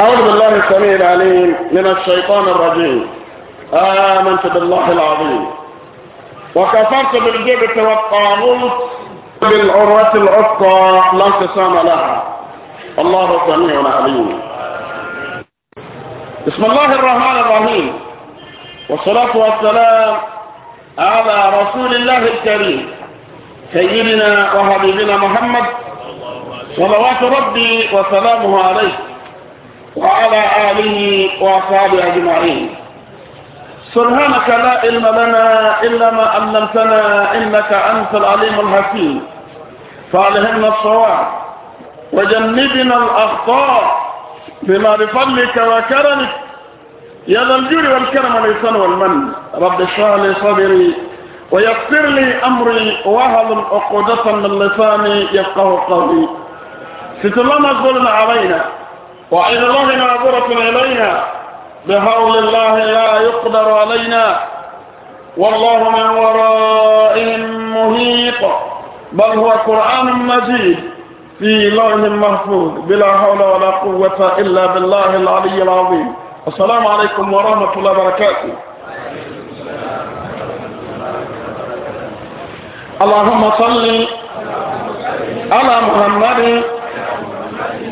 أعوذ بالله السميع العليم من الشيطان الرجيم آمنت بالله العظيم وكفرت بالجبت والطاغوت بالعروة العقى لا انقسام لها الله سميع عليم بسم الله الرحمن الرحيم والصلاة والسلام على رسول الله الكريم سيدنا وحبيبنا محمد صلوات ربي وسلامه عليه وعلى آله وأصحابه أجمعين سبحانك لا علم لنا إلا ما علمتنا إنك أنت العليم الحكيم فألهمنا الصواب وجنبنا الأخطاء بما بفضلك وكرمك يا ذا الجود والكرم والإحسان والمن رب اشرح لي صدري ويسر لي أمري وهل عقدة من لساني يفقه قولي ستر الظلم علينا وعين الله ناظرة إلينا بحول الله لا يقدر علينا والله من ورائهم مهيط بل هو قرآن مجيد في لوح محفوظ بلا حول ولا قوة إلا بالله العلي العظيم السلام عليكم ورحمة الله وبركاته اللهم صل على محمد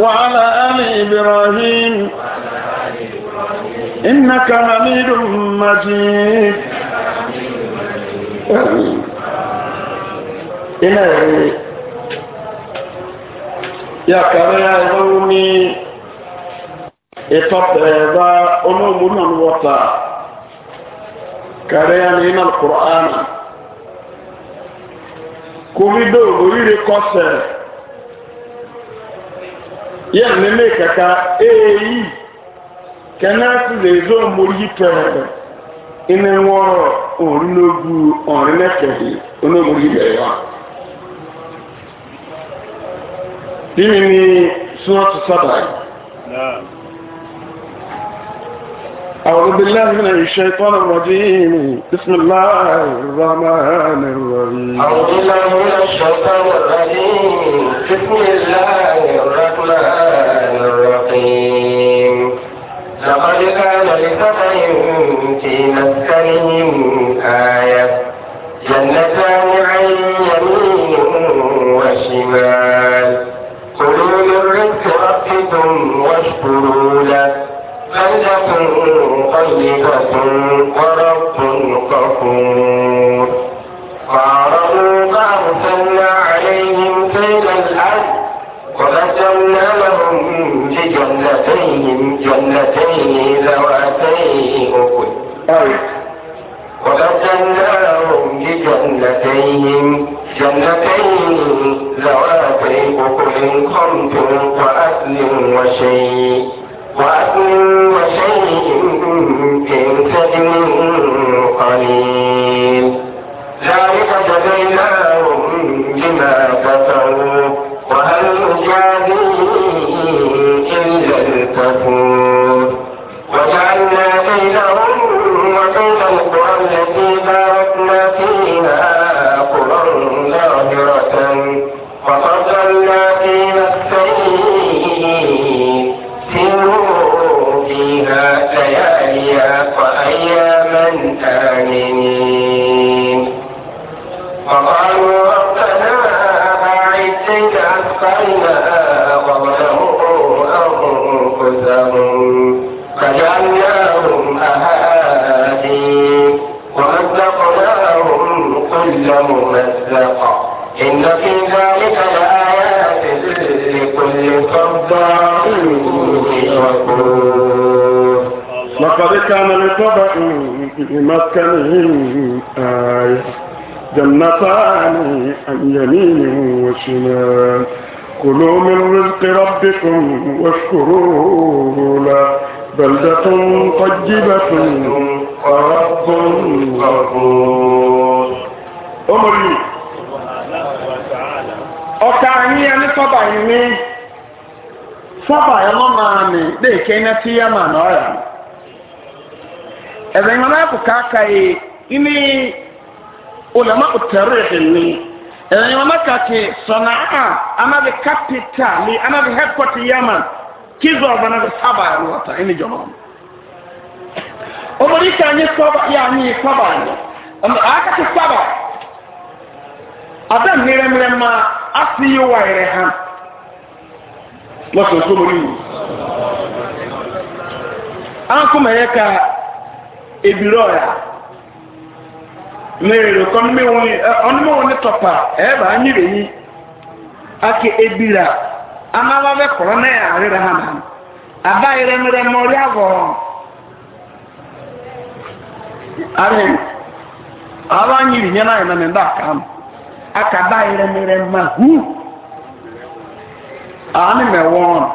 وعلى آل إبراهيم إنك حميد مجيد إنا يا كريا يومي إتطيبا أمومنا الوطا كريا من القرآن كوفيدو بريد قصر yẹn mímí kaka eyi kẹnẹẹsì lè zọ mọlì tẹrẹ ẹni wọrọ òrìlógù ọrìnẹkẹhì onímọlì bẹrẹ wa. bí mi ní súnmọ́ tó sábà yìí. أعوذ بالله من الشيطان الرجيم بسم الله الرحمن الرحيم أعوذ بالله من الشيطان الرجيم بسم الله الرحمن الرحيم لقد كان لسفر في مسكنهم آية جنتان عن يمين وشمال ورب غفور فأعرضوا فأرسلنا عليهم سيل الأرض وبدلنا لهم بجنتيهم جنتين ذواتي أكل وبدلنا لهم بجنتيهم جنتين ذواتي أكل خمس وأكل وشيء وكل شيء في تدمير قليل ذلك جزيناهم بما كفروا وهل نجازي إلا الكفور يعلم إن في ذلك لآيات لكل صبار شكور لقد كان لسبأ مسكنهم آية جنتان عن يمين وشمال كلوا من رزق ربكم واشكروه له بلدة طيبة ورب غفور omori ọka anyị ya ní sọba anyị ní sọba ya nọ naanị na-eke nati ya ma na ọrịa ebe nwa ka aka yi ini ulama utarih ni ebe nwa na ka ke sana'a anabi capital ni anabi headquarter yaman kizu ọba na saba ya lọta ini jọrọ omori ka anyị sọba ya anyị sọba anyị aka ti sọba ada mmerɛmmerɛ ma ase yi wa yɛrɛ ha lɔsɔ nso mori mu ka ebiri eh, e ya mmerere kɔ ka ewu ni ɔnum ebe ni aka ebiri a amaba na yɛ arịrị ha na ada yɛrɛ mmerɛ ma ɔrɛ avɔ ara yi aba anyi na akaba ayẹlẹmẹrẹ ma hu ani mẹ wọn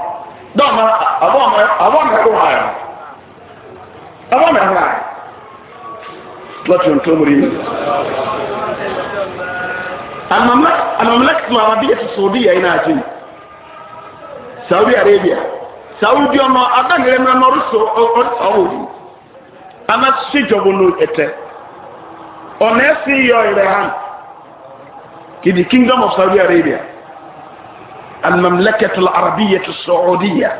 dọọma abọ mẹ abọ mẹ ho ayọ abọ mẹ ho ayọ lọtọ ntọmọri mi anamlẹ anamlẹ kìtìmọ àwọn abiyẹ soso odi yẹ saudi arabia saudi in the kingdom of Saudi Arabia and Mamlakat al Arabiya to Saudiya.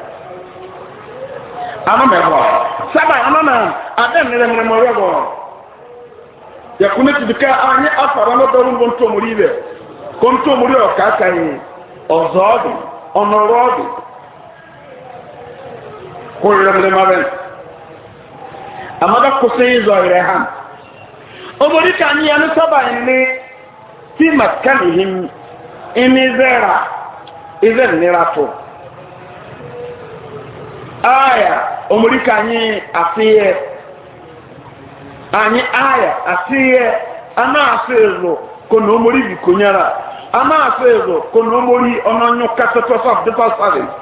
Ana mẹ́wàá. Sábà ana na adé mìíràn mìíràn mọ̀rẹ́ wọ̀. Yàkúnmé ti dùkẹ́ anyi afara ní ọdọ́ rúbọ̀ ntòmùrí rẹ̀. Kó ntòmùrí ọ̀ka aka yìí ọ̀zọ́ ọ̀dù ọ̀nọ̀rọ̀ ọ̀dù. Kó rẹ̀ mìíràn mọ̀rẹ́. Amaka kò fi maskanihim imizera ize nira to aya omurika anyi asiye anyi aya asiye ana asezo kono omori bikonyara ana asezo kono omori ononyo katatosa depa service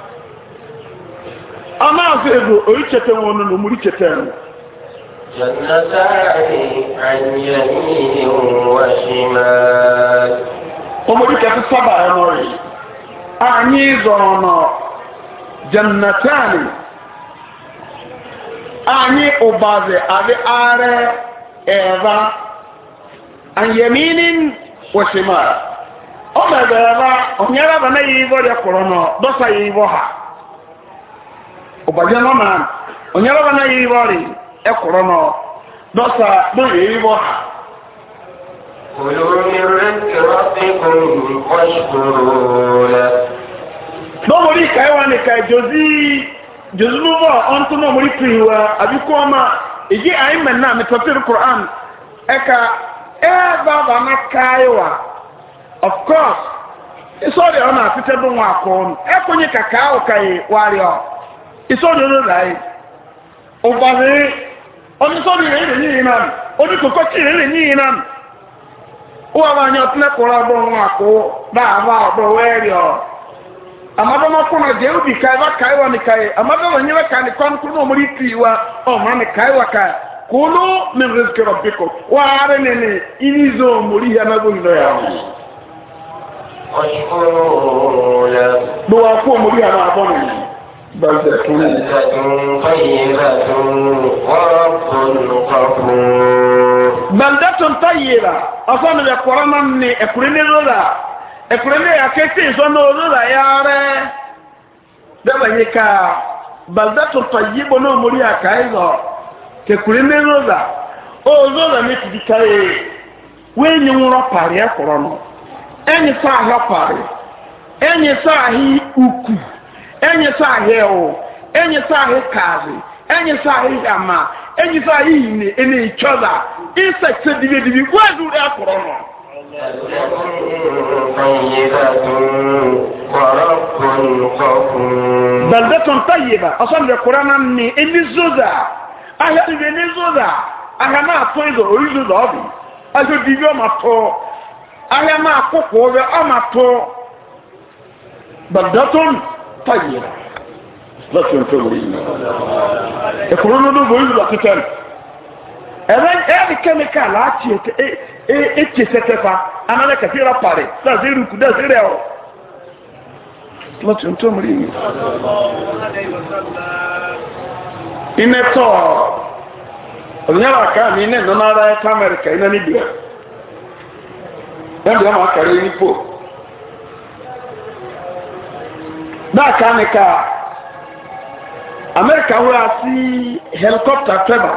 ana asezo oyichete wono nomuri chete wono Janathani anyanịnị ọ mụwa shi maa. Ọ bụ anyị sabaara n'ọrịa. Anyị anyị ụbaze adị arịa ebe anyị emi ni wesemari. O mebiri ebe onye ebe ọ ya ibọrọ ya korona ndosoe ibọha. Ọ bụ anyanịnị ọ maa, onye ebe ọ ya ibọrọ ya. e náà dọ́sà lóye ìwọ́ ha. Dọ́mọ̀rí ìka ẹwà nìka ìjọzí jòzúmọ́bọ̀ ọ̀ntún náà mọ̀rí tu ìwà àbíkọ́ ọmọ èyí àìmẹ̀ náà mẹtọ́tìrì Kùrán ẹ̀ka ẹ̀ẹ́dàbà náà káyẹ̀wà of course ìsọ̀rọ̀ ọ̀nà àtẹ́tẹ́ bí wọn àkọ́ ọ̀nù ẹ̀kọ́nyẹ kàkà wárí ọ̀ ọ̀nà láyé onisɔbi rɛ rɛ nyiyi nam onikoko ti rɛ rɛ nyiyi nam wọ́n àwọn àyàn tí lẹ́kọ̀ọ́ ọdún wọn àkó dáàbà ọdún wẹ́ẹ̀rì ọ̀ amadama kọ́nà jẹ́ òbí káyé wá káyé wá nìka yẹ amadama yẹ wá káyé nìka wọn kúrò náà mo rí tì wá ọmọ nìka yẹ wá káyé kúló mi rí kẹrọ bí wá rẹ nìní ìní zọ mo rí yẹn nágbó nìyẹn yà wọn. ló wá kó mo rí بلدة طيبة ورب غفور بلدة طيبة أصلا يقرأ من أكرني لولا أكرني أكتي زنو لولا يا ري دابا هيكا بلدة طيبة نومريا كايزو تكرني لولا أو لولا نتدي كاي وين يمرا باري أكرنو أني صاحب باري أني صاحب أكو enyesa ahịa ewu enyesa ahịa kaadị enyesa ahịa yama enyesa ahịa na ene ịchọda ịsetse dibe dibe wadu dị akọrọ nọ. baldatun tayyiba ọsọ ndị kura na ndị ahịa dibe ndị zoda ahịa na-atọ ịzọ ori ọ bụ ahịa dibe ọ ma ahịa na ọ ma tayyiba lọ́sùn tó wù yìí ẹ̀kọ́rọ́ ló lóbo yìí lọ́sùn tẹ́lẹ̀ ẹ̀rẹ́ ẹ̀rẹ́ kẹ́míkàlì àti ètè sẹ́tẹ́ fa análẹ́ kẹfì rà pàrẹ láti rí kú dẹ́sí rẹ̀ ọ̀ lọ́sùn tó wù yìí. iná tọ̀ ọ̀nyára àká mi iná ìnáná ara ẹ̀ka amẹ́ríkà iná níbi ẹ̀ ẹ̀ ń bẹ̀rẹ̀ máa kàrí ní pò. dáàka nìka amẹ́ríkà wúra sí hẹlikọ́pítà tẹ́bà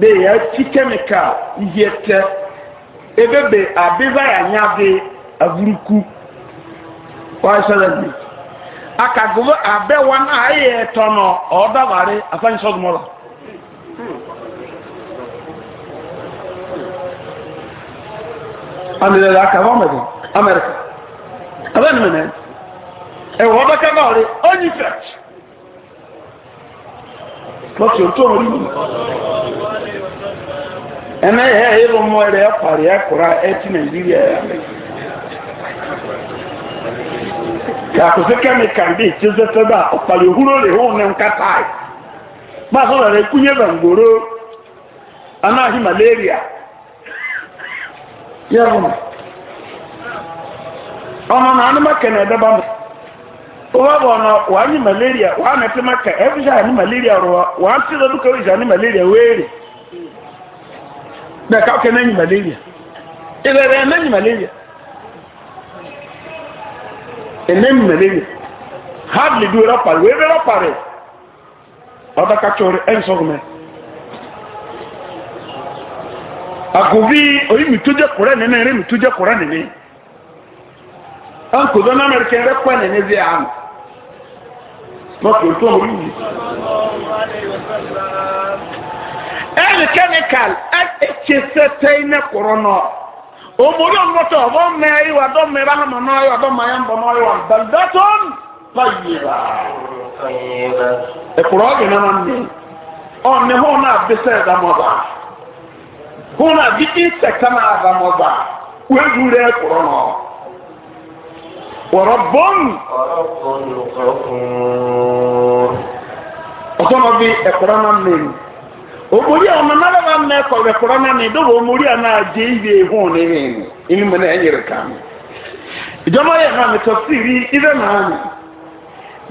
bẹ́ẹ̀ yẹ ti kẹ́míkà yíyẹ tẹ́ ebebe abeba yanyabe aburuku wáyé sẹ́lẹ̀ bíi akagobo abẹ́wa náà ayé ẹ̀tọ́ nọ ọ̀ọ́dàbàrí afẹ́nsọ́dúnmọ́lá. amílẹ̀ làkàwọ́ mẹ́rin amẹ́ríkà abẹ́ni mẹ́rin ẹ̀wọ̀ ọbẹ̀kẹ́ náà rí ọ́nyí fẹ̀t lọ́sí òtún orí mi ẹ̀nà ẹ̀yẹ ìlú mọ́ ẹ̀rẹ̀ ẹ̀pàrí ẹ̀kùrá ẹ̀tí nàìjíríà yà yàtọ̀sí kẹ́míkà bí ìtí zẹ́tẹ́ bá ọ̀pàlẹ̀ òhúrò lè hùn ní nkátà ẹ̀ bá sọ̀rọ̀ rẹ̀ kúnyẹ́ bàǹgòrò anáhì malaria yẹ́rù ọ̀nà nà ánúmọ̀kẹ́ nà ẹ̀dẹ́bàmù wọ́n bọ̀ ọ̀nà wàá ní malaria maka ẹ̀fíṣà ni malaria rọ̀ wàá tí lọ́dún kan ìjà ni malaria wéèrè bẹ́ẹ̀ káwọ́kẹ́ náà ní malaria malaria malaria hardly do rọ́pàrì wéé bẹ́ rọ́pàrì ọ̀dà kàtsọ̀ mọ́tò tó mú yìí. ẹnì kẹ́míkàl ẹ̀kẹ́ sẹ́tẹ́ iná kọ̀rọ̀ náà òmùrí ọ̀gbọ́tọ̀ ọ̀bọ̀ mẹ́ ìwà dọ́ mẹ́ bá hàmà náà ìwà dọ́ mẹ́ ayé ń bọ̀ náà ìwà bẹ̀ndẹ́tọ́n báyìí rà. ẹ̀kọ́rọ̀ ọ̀gbìn náà ní ọ̀nì hó náà bí sẹ́ ẹ̀dàmọ́ba hó náà bí insect náà ẹ̀dàmọ́ba wẹ́ẹ́dù rẹ̀ ẹ̀kọ́rọ̀ náà. ورب ọtọ́nà bí ẹ̀kọ́rọ́ náà mẹ́rin òmùrí àwọn náà bá mẹ́ ẹ̀kọ́ ẹ̀kọ́rọ́ náà mẹ́rin dọ́wọ́ òmùrí àwọn àjẹ́ ìwé ìhùn nìyẹn inú mi náà yẹrẹ kàn mí. ìjọba yẹn náà mẹ́tọ́ sí rí náà mi.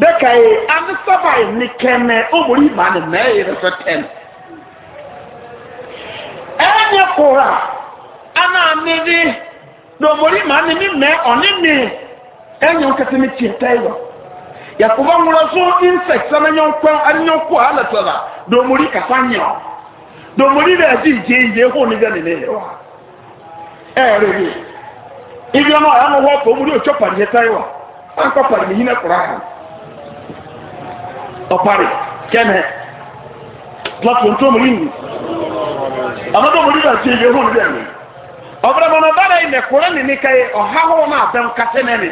dẹ́ka yìí anisaba yìí ní kẹ́mẹ́ òmùrí màá ní mẹ́rin rẹ̀ fẹ́ tẹ́lẹ̀. ẹ̀ẹ́nyẹ kura anáà mi rí dọ̀mùrí màá ní mí mẹ́ ọ̀ ɛnyɛ nkata ne tie tɛɛ yɛ yakuba ŋmura so insects ɛna nyɔnko anyɔnko a alatara domori kasa nyɛ domori bɛ adi gye gye hɔ ne bɛ ne ne wa ɛyɛrɛ bi ibi ɔno a yɛn wɔ kɔ mu de otwa pariɛ tɛɛ wa ankɔ pari ne hinɛ kora ha ɔpari kɛnɛ plato ntomori nyi ɔno domori bɛ adi gye hɔ ne bɛ ne ɔbɛrɛ mɔnɔ baara yi mɛ kora ne ne ka ye ɔha hɔ na abɛn kase ne ne.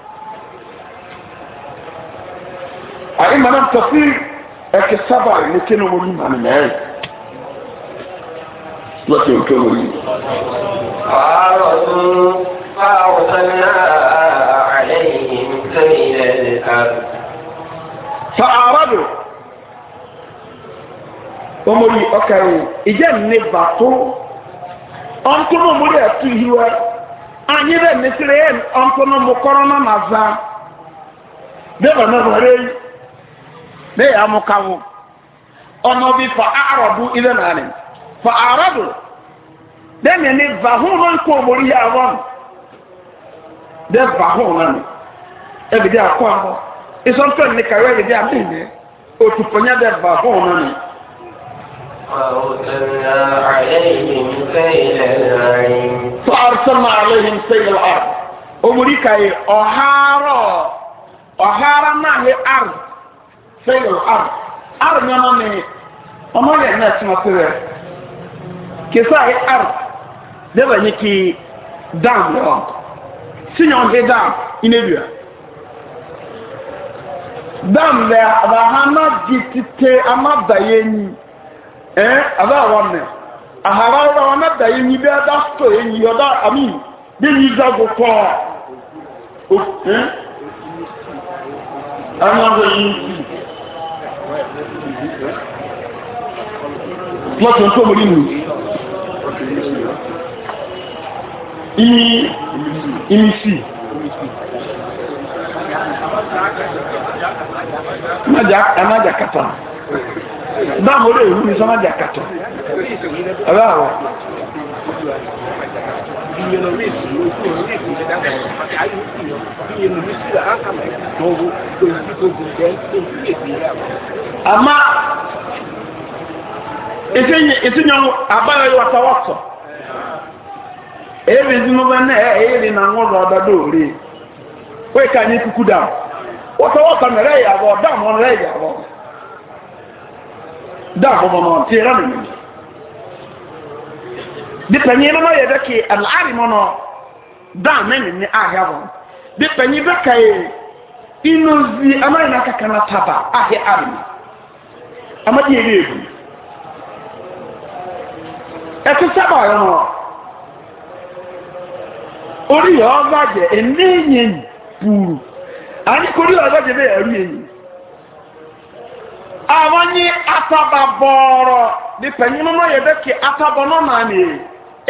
ayi mana tafi ɛkɛ saba ne kene wɔn mu mani mɛ lɔtɛ nkɛ wɔn mu. فعرضوا فأرسلنا عليهم سيل الأرض فأعرضوا ومولي أكاو إجا نباتو أنتم مولي أتيهوا أني ذا نسرين أنتم مقرنا نزا بغنا غريب ne ya mu bi fa ile naani fa arɔdu dɛmɛ ni vahoro kɔ mori yɛ awɔ no dɛ vahoro nani ɛbi e di akɔ ahɔ ni kawɛ yi di ami nɛ otu pɔnya dɛ vahoro فأرسلنا عليهم سيل الأرض أمريكا أهارا أهارا نهي fẹ́rẹ̀ ar ar nyɔnu ni ɔmɔ yɛ na tuma pɛrɛ kesa yɛ ar dɛbɛ nye ki dam yɔ si nyɔnu bi dam ine bia dam lɛ aba ha ma di tete ama da yɛ nyi ɛɛ aba awɔ mɛ ahara ɔba wa ma da yɛ nyi bɛ ɔda sɔ yɛ nyi ɔda ami bɛ nyi zago kɔɔ o ɛɛ ama bɛ yi lọ́tún tó mú nínú imisi anájà kàtà dáàmù orí ìwúni sọ anájà kàtà ẹ̀rọ àwọn inyenoris oris nke dabara maka IEC inyenoris da aka mai maọbụ tozitozi nke esi ya ama itinye agbaghaghị wata wọtọ ebe ezinụlọ na eri na nwụrụ ọdọdọ kwe ka anyị wata ya abụọ ya abụọ di panyin no yɛ dɛ ke alaari mu no dan ne ne ne ahɛ wɔn di panyin ka e, inozi ama yɛ n'akaka na taba ahɛ ari mu ama yɛ yɛ ebu ɛte sɛba yɛ no ori yɛ ɔba gyɛ ɛnɛ yɛ yi puuru ani kori yɛ ɔba gyɛ bɛ yɛ ɛru yɛ yi ataba bɔɔrɔ di panyin no yɛ dɛ ataba no naa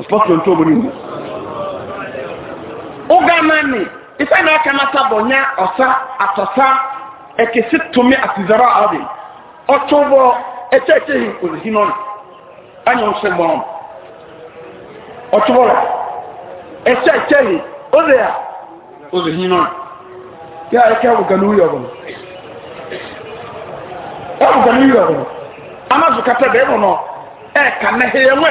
ọsọsọ ntọ ọmọ n'ihu ugamani isa na aka mata bonya ọsa atọsa ekesi tumi atizara ọdị ọtụbọ echecheghị ozizi n'ọnụ anya nso mgbọrọ ọtụbọ hi ozi ya ozizi n'ọnụ ya eke ọgụga n'uyi ọbụla ọgụga n'uyi ọbụla amazụ kata bụ ịrụ nọ eka na ihe ya nwa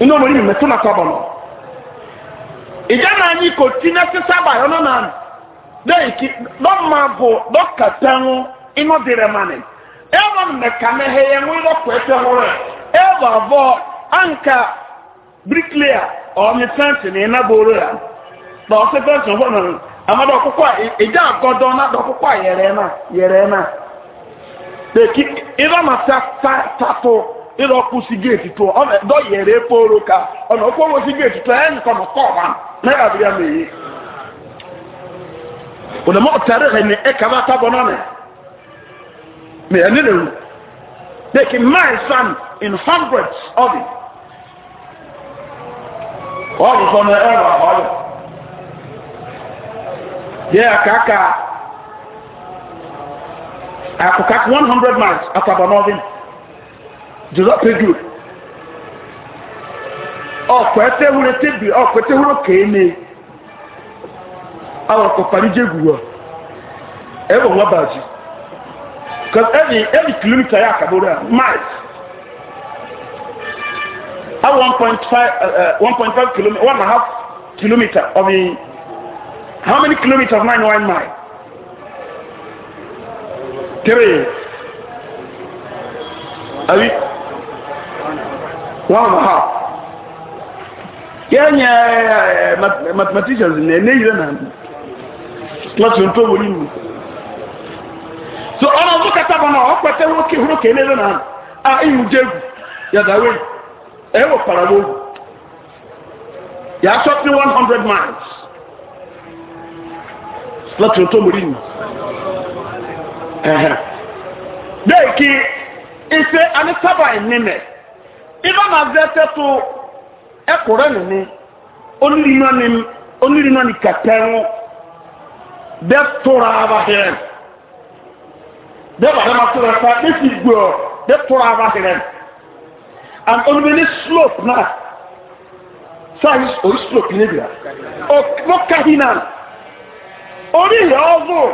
inú ọmọ yìí mẹtún náà sábà nù ìjà náà yìí kò tí náà sí sábà yọ náà nàn kí lọ́mọ bò lọ́kàtà ń inú di rẹ̀ mánì ẹ wà mẹka náà hẹ yẹn wọ́n lọ́kọ̀ ẹ tẹ́ wọ́rẹ̀ ẹ wà bọ̀ anka ọ̀ọ́nì ịrọkụ si geeti tụọ ọ dọyere eporo ka ọ na okporo si geeti tụọ ya nkọ n'ọkọ ọma na ya abịa ma eyi onamo ọtara ha na ịka e ba tabọ na na ma ya nile ru deki my son in hundreds of it ọ bụ sọ na ẹ e bụ ọ bụ yẹ akaka akụkakụ 100 miles atabọ na ọdịnihu jùlọpẹjù ọkọ ẹtẹwúrẹ tẹbi ọkọ ẹtẹwúrẹ kéèmé àwọn ọkọ parijẹ guwọ ẹwọ wọn bàjẹ cause every every kilometre yà àkàbọrọ à miles àwọn one point five uh, uh, one point five kilometre one and a half kilometre how many kilometers? nine nine mile three. Are we, one and a half kenya mathematicians na na klasi ntobori mu so na-azụ kata bụ na ọ kpata nwoke hụrụ na a ihu jegwu ya dawe ewekwara m ogwu ya 100 miles bẹ́ẹ̀ kí ife anisaba ìbá máa bẹ tẹ́tù ẹkùrẹ́ nìní onírìnà ni kẹtẹ́rún bẹ tóra abahẹ́rẹ́ bẹ bàtà máa tóra ẹ̀fà bẹ sì gbọ́ bẹ tóra abahẹ́rẹ́ and onímọ̀ ní slope náà sáyé orí slope níbi rà ọkàhínà orí ìyá ọgùn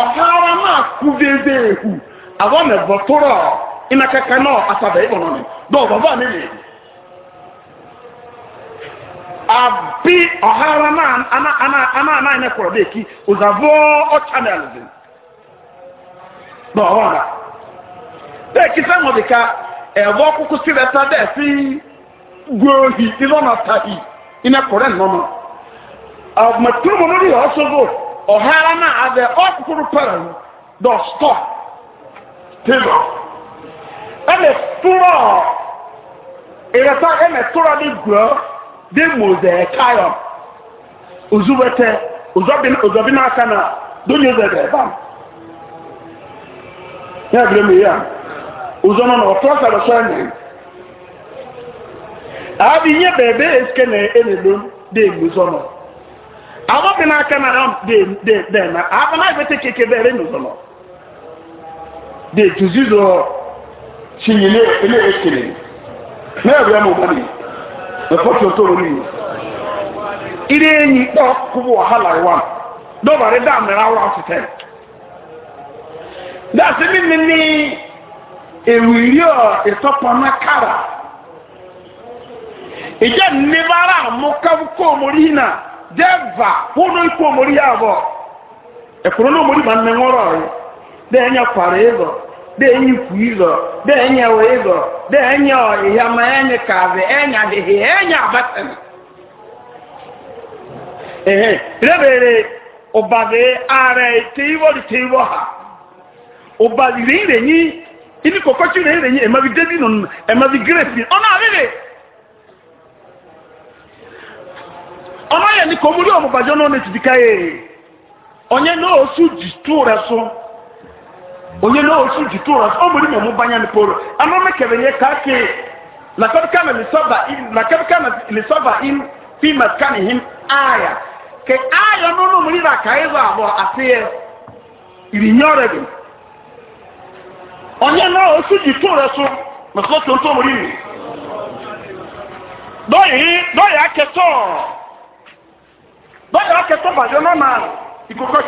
ọ̀hárá máa kú déédéé hù àwọn ẹ̀bọ̀ tóra ọ̀. ina kaka náà asabẹ ibọ náà ni dọwọ bàbá mi nìyẹn àbí ọ̀hárá náà aná aná aná ẹ̀ kọ̀rọ̀ bẹ́ẹ̀ kí òzàvọ́ ọ̀chánẹ́lì dì dọwọ ọ̀hárá bẹ́ẹ̀ kí sẹ́wọ̀n dìka ẹ̀wọ́ kúkú sílẹ̀ sá bẹ́ẹ̀ sí gbòòhì ìlọ́nà tàhì ina kọ̀rẹ́ nọ́nà ọ̀mọ̀túnmọ̀ lórí ọ̀ṣọ́gbò ọ̀hárá náà abẹ ọ̀kúkúrú pẹ̀lú dọ̀ stọ̀ tẹ́lọ̀. ɛmɛ tórɔ ìrẹsà ɛmɛ tórɔ ní gbọ́ ní mòzẹ̀ káyọ̀ òzúwẹ́tẹ òzọ́bí náà kánà lónìí òzẹ̀dẹ̀ bá ní àgbẹ̀rẹ̀ mi yá òzọ́nà náà ọ̀tọ́ sọ̀rọ̀ sọ̀rọ̀ na àbí yẹ bẹ̀ẹ̀bẹ̀ èsìkẹ́ nà ẹnìló dé ìgbòzọ́nà àwọn bí náà kánà sinyi ne ekele ne yɛ bɛn e e e mo bɔ ni ire enyi kpɔ kubu wahala wa dɔbɔre da mɛra awura titɛ na mi mi ewiri kara ije nibara amukabu kòmori na jẹva ikwu omori ya bọ ẹkùnrin ma nẹ ŋɔrɔ ọrụ na ẹnyẹ kpari deenye ikwu ịzọ deenye ewe ịzọ deenye ọhịhịa ma enye kazi enye ahịhịa enye abatani ehe rebere ụbazi ara ite iwo rite iwo ha ụbazi re irenyi ini kokochi re irenyi emavi david emavi grace ọ na-arịrị ọmọ yẹn ni kò mú ní ọmọ bàjọ́ náà ní ti di káyé onye náà ó sùn jù tó rẹ sùn. onye na osi jitu ọrọ ọ mụrụ ịmụ banya na poro ama mekere ka ake na kọbika na lisọba in na kọbika na lisọba in pima maskani him aya ke aya n'ụlọ mụrụ ịra ka ịzụ abụọ asị ya iri nye ọrịa gị onye na osi jitu ọrọ so na kọ tó ntọ mụrụ dọyị dọyị akẹtọ dọyị akẹtọ bàjọ nọ na ikokọ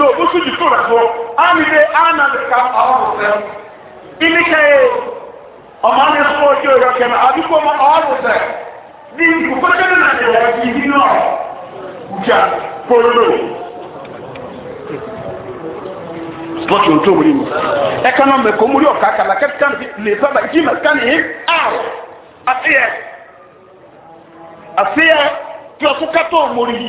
do osu di to na e, so ami de ana de ka awo se ili ke ọmọ ni so ojo yo ke na abi ko ma awo se ni ku ko ke na de ya ki ni no ja polo sport yo to muri mu e kana me ko muri o ka kala ke kan le pa ba ji ma kan he awo asiye asiye ti o su ka to muri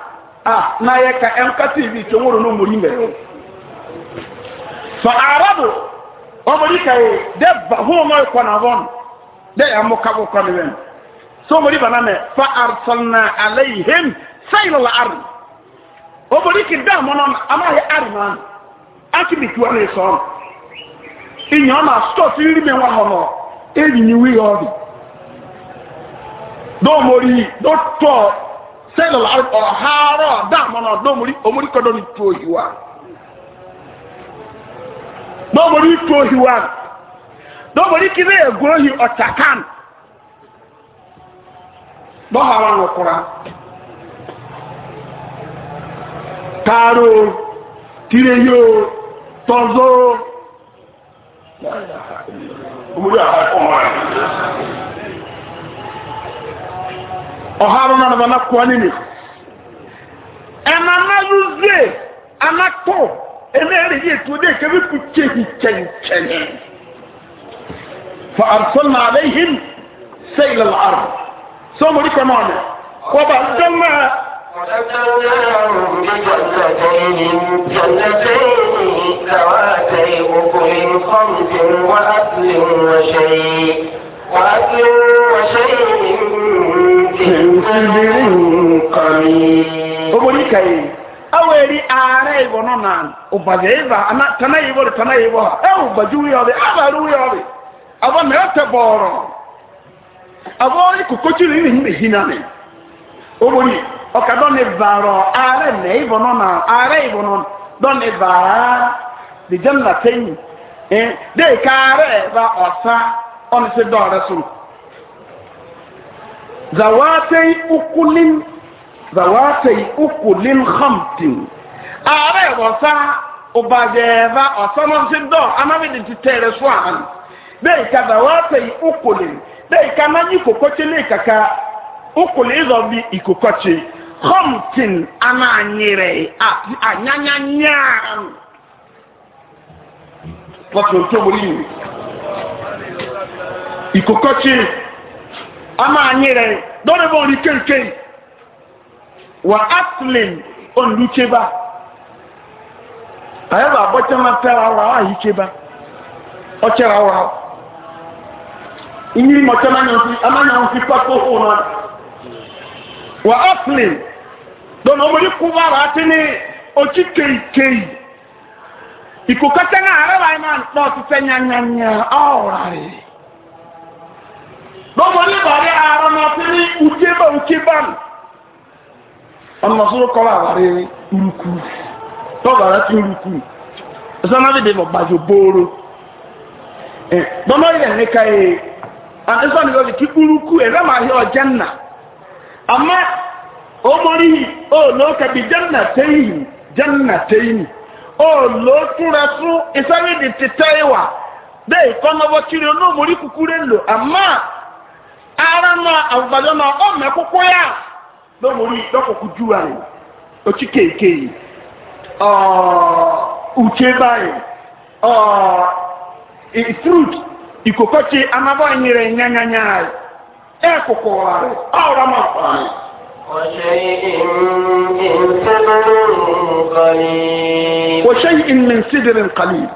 a ah, na yɛ ka ɛnka tv tɛ woro no mori mɛ fa arabo ɔmori ka ye dɛ ba hɔn ma kɔ na hɔn dɛ yɛ mo kabo kɔ ne bɛn so mori bana mɛ fa arsalna alayhim sayil la ari ɔmori ki da mɔnɔ na ama yɛ ari na aki bi tuwa ne sɔn inyɔn na ma ti yiri mi wa hɔ nɔ eyi nyi wi yɔ bi dɔw mori dɔw tɔɔ. sẹ́ẹ̀lì ọ̀hárọ̀ dáàmọ́nà ọ̀dọ́mọ̀rí omorikọ́dọ́ ní tó ìwà dọ́mọ̀rí tó ìwà dọ́mọ̀rí kí ní ègúróhì ọ̀tàkàn dọ́hàrá nùkúra kaaro tireyo tọ́zọ́ omori àhàkọ́ mọ́ra ọ̀hárọ̀ náà nàbà nàkó ọ́ nínú ẹ̀nà náyúzé anakó ẹlẹ́rìí yìí tó dé kẹ́bí kú kyehi kyẹnkyẹnì fa arsalna alayhim sayla al-ard sọmọdé kan náà ni kọba dọ́mà. ونبلوناهم بجنتين جنتين ذواتي وأكل وشيء وأكل min anzirin qamin omori kai aweri are ibo ubazeva ana tana ibo tana ibo e ubaju yobe abaru yobe aba me ate boro aba ri kokochi ri ni hina ne omori ọka dọ ne varo are ne ibo no na are ibo eh de osa on se dọ zawatai ukulin zawatai ukulin hamtin ààrẹ ìwọ̀sá ọbàjẹ́ẹ̀bá ọ̀sánmọ́sídọ̀ anábìdìtì tẹ̀rẹ̀ sọ àhán bẹ́ẹ̀ ká zawatai ukulin bẹ́ẹ̀ ká náà yí kòkòtì ní kàkà ukulin ìzọ̀ bí ìkòkòtì hamtin anáànyẹrẹ àti ànyányányán wọ́n ti ń tó wọlé yìí ìkòkòtì. ama anyị rere dọrọ ebe ike nke wa atlin onducheba anyị bụ abọcha ma awa ahụ icheba ọchara awa inyiri mọcha amanya nsi pako ụlọ wa atlin dọrọ kwụba ara ochi keikei na ọ rarịrị lọ́mọdé bàrí ara máa ti rí ujébà ujébà nù ọmọ sọ́rọ́ kọ́lá àwárí urukú tọ́gbàrá tí urukú ìsọ́nàdìdì mọ̀ gbàjọ bóró bọ́mọ́ ilẹ̀ nìka yìí àti sọ́nà ìwọ́n kí urukú ẹ̀rẹ́ máa yọ ọjẹ́ nà àmọ́ ọmọrí bí jẹ́nà tẹ́yìn jẹ́nà tẹ́yìn fún bẹ́ẹ̀ kọ́nà kúkúrẹ́ lò àmọ́ ara na agbajo na o me ya do mori do kokku o keke ọ uche bai ah e fruit ikokochi amabo nyere nyanya nyanya e kokko wa ora ma pa ni وشيء من سدر قليل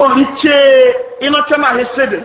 وشيء من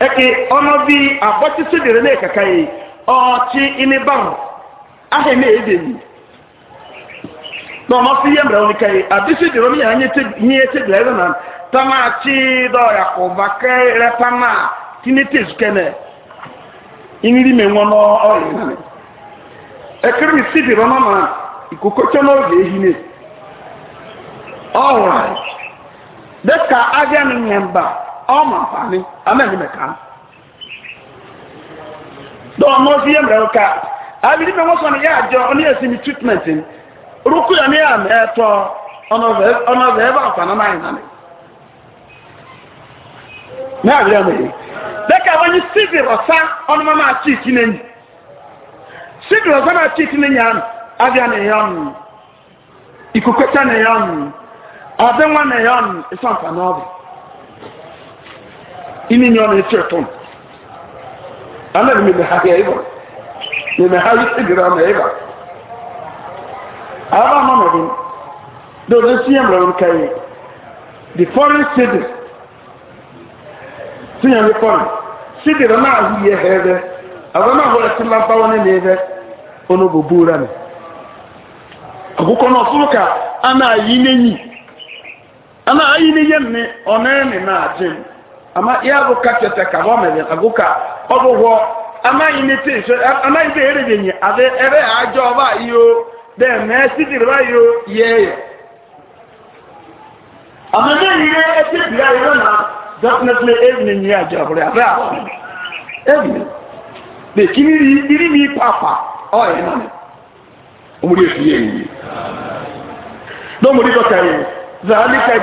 eke ọnọ bi abọtịtụ dịrị na-ekaka yi ọchị imebam aha eme ebe mi na ọmọ si ihe mbrẹ onika yi abịsị dịrị onye anyị nye etebila ebe na tama chi dọya kụba kere tama tinete zukene iniri me nwa n'ọrịa nane ekiri si dịrị ọnọ na ikuku chọ n'oge ehine ọhụrụ dịka agha n'ịnyemba ọmọ àǹfààní amẹ́rin mẹ́ka eme mọ́ sí yẹ́mìrẹ́ ọ̀ka àbídí mi wọ́n sọ ní yẹ́ àjọ ọ́ní ẹ̀sìn mi treatment ni orúkú yẹn ní àmì na ọ̀nà ọ̀bẹ̀ ẹ̀fọ́ àǹfààní náà yìí nàní. ní àbídí ọmọ yìí dẹ́ka wọ́n ní sídì rọ̀sá ọ̀nà na ya tí ìtì nẹ́yìn sídì ini ni ne tɛ tɔn ana mi mi ha yɛ ha yi ti gira ma ibɔ aba ma ma dun do do si yɛm lɔrɔ ka the foreign city si yɛm foreign city dɛ na ahi yɛ hɛ dɛ aba naa wɔ lampa wɔ ono bo na ɔsoro ka ana ne ana ne na ama ya go ka tete ka bo me ka go ka obo ho ama yin ti so ama yin ere de yin ade ere ajo ba yo de me si ba yo ye ye ama me yin bi ya yo na definitely evening ya ajo bo ya ba evening be kimi ri ri mi papa o ye na o mo ri e fi ye ni no mo ri ko ta ذلك جزيناهم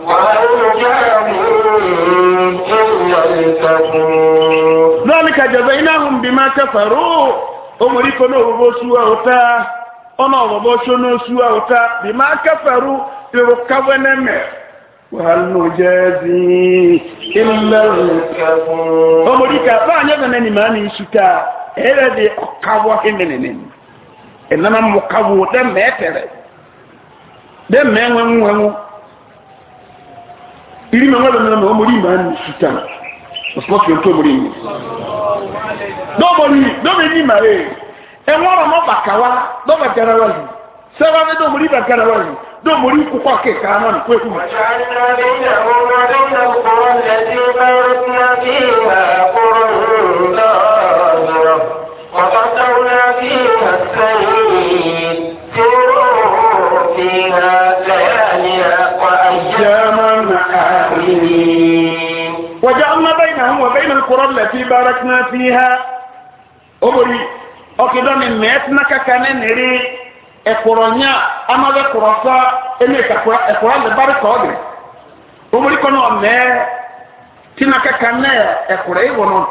بما كفروا ذلك جزيناهم بما كفروا omori ko no obo suwa ota ona obo so no suwa ota bi ma kafaru bi ro kaweneme wa hal nujazi illa kafur omori ka ba de kawo hinene ɛnana mmoka wo dɛ mɛɛ tɛrɛ dɛ mɛɛ ŋɛŋu ŋɛŋu iri mɛŋu ɛlɛ mɛŋu ɔmɔ rii mɛŋu sitan ɔsopɔ tuyɛ ntɔ ɔmɔ rii mi dɔbɔ ni dɔbɔ ni ma ye ɛŋɔrɔ mɔ baka wa dɔbɔ gara wa yi sɛbɛn bɛ dɔbɔ rii ba gara wa yi dɔbɔ rii kɔkɔ kɛ kaa nɔ ni koe kuma. وجعلنا بينهم وبين القرى التي باركنا فيها قرى القرى التي باركنا فيها أمري أكيد من مئتنا ككان نري أقرانيا أما ذا قرصة إني أقران لبارك أولي أمري كنا مئة تنا ككان أقرأي ونون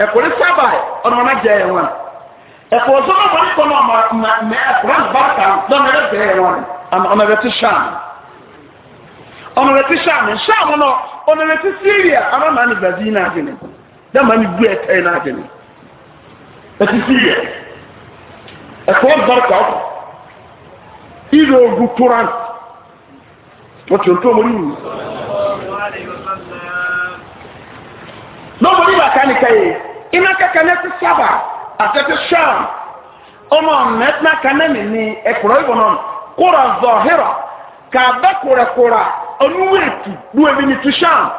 أقرأي سابع أنا جاي وان أقرأي سابع أنا كنا مئة أقران لبارك أولي أنا جاي وان أنا أنا بتشان أنا بتشان شام أنا أنا بتسيريا أنا ما نبذينا جنبه dama ni du ɛtɛn n'adi ni ɛsisi yɛ ɛfɔ barika ɔfɔ ire ogu turan wɔtɔ ntɔ wɔn yi n'ɔmɔ niba ka ni ka ye ina kaka n'ɛti saba atɛti sham ɔmɔ n'ɛtina ka n'ɛni ni ɛkura ibɔ nɔn kura zɔhira k'aba kurakura ɔnu wetu du ebi ni ti sham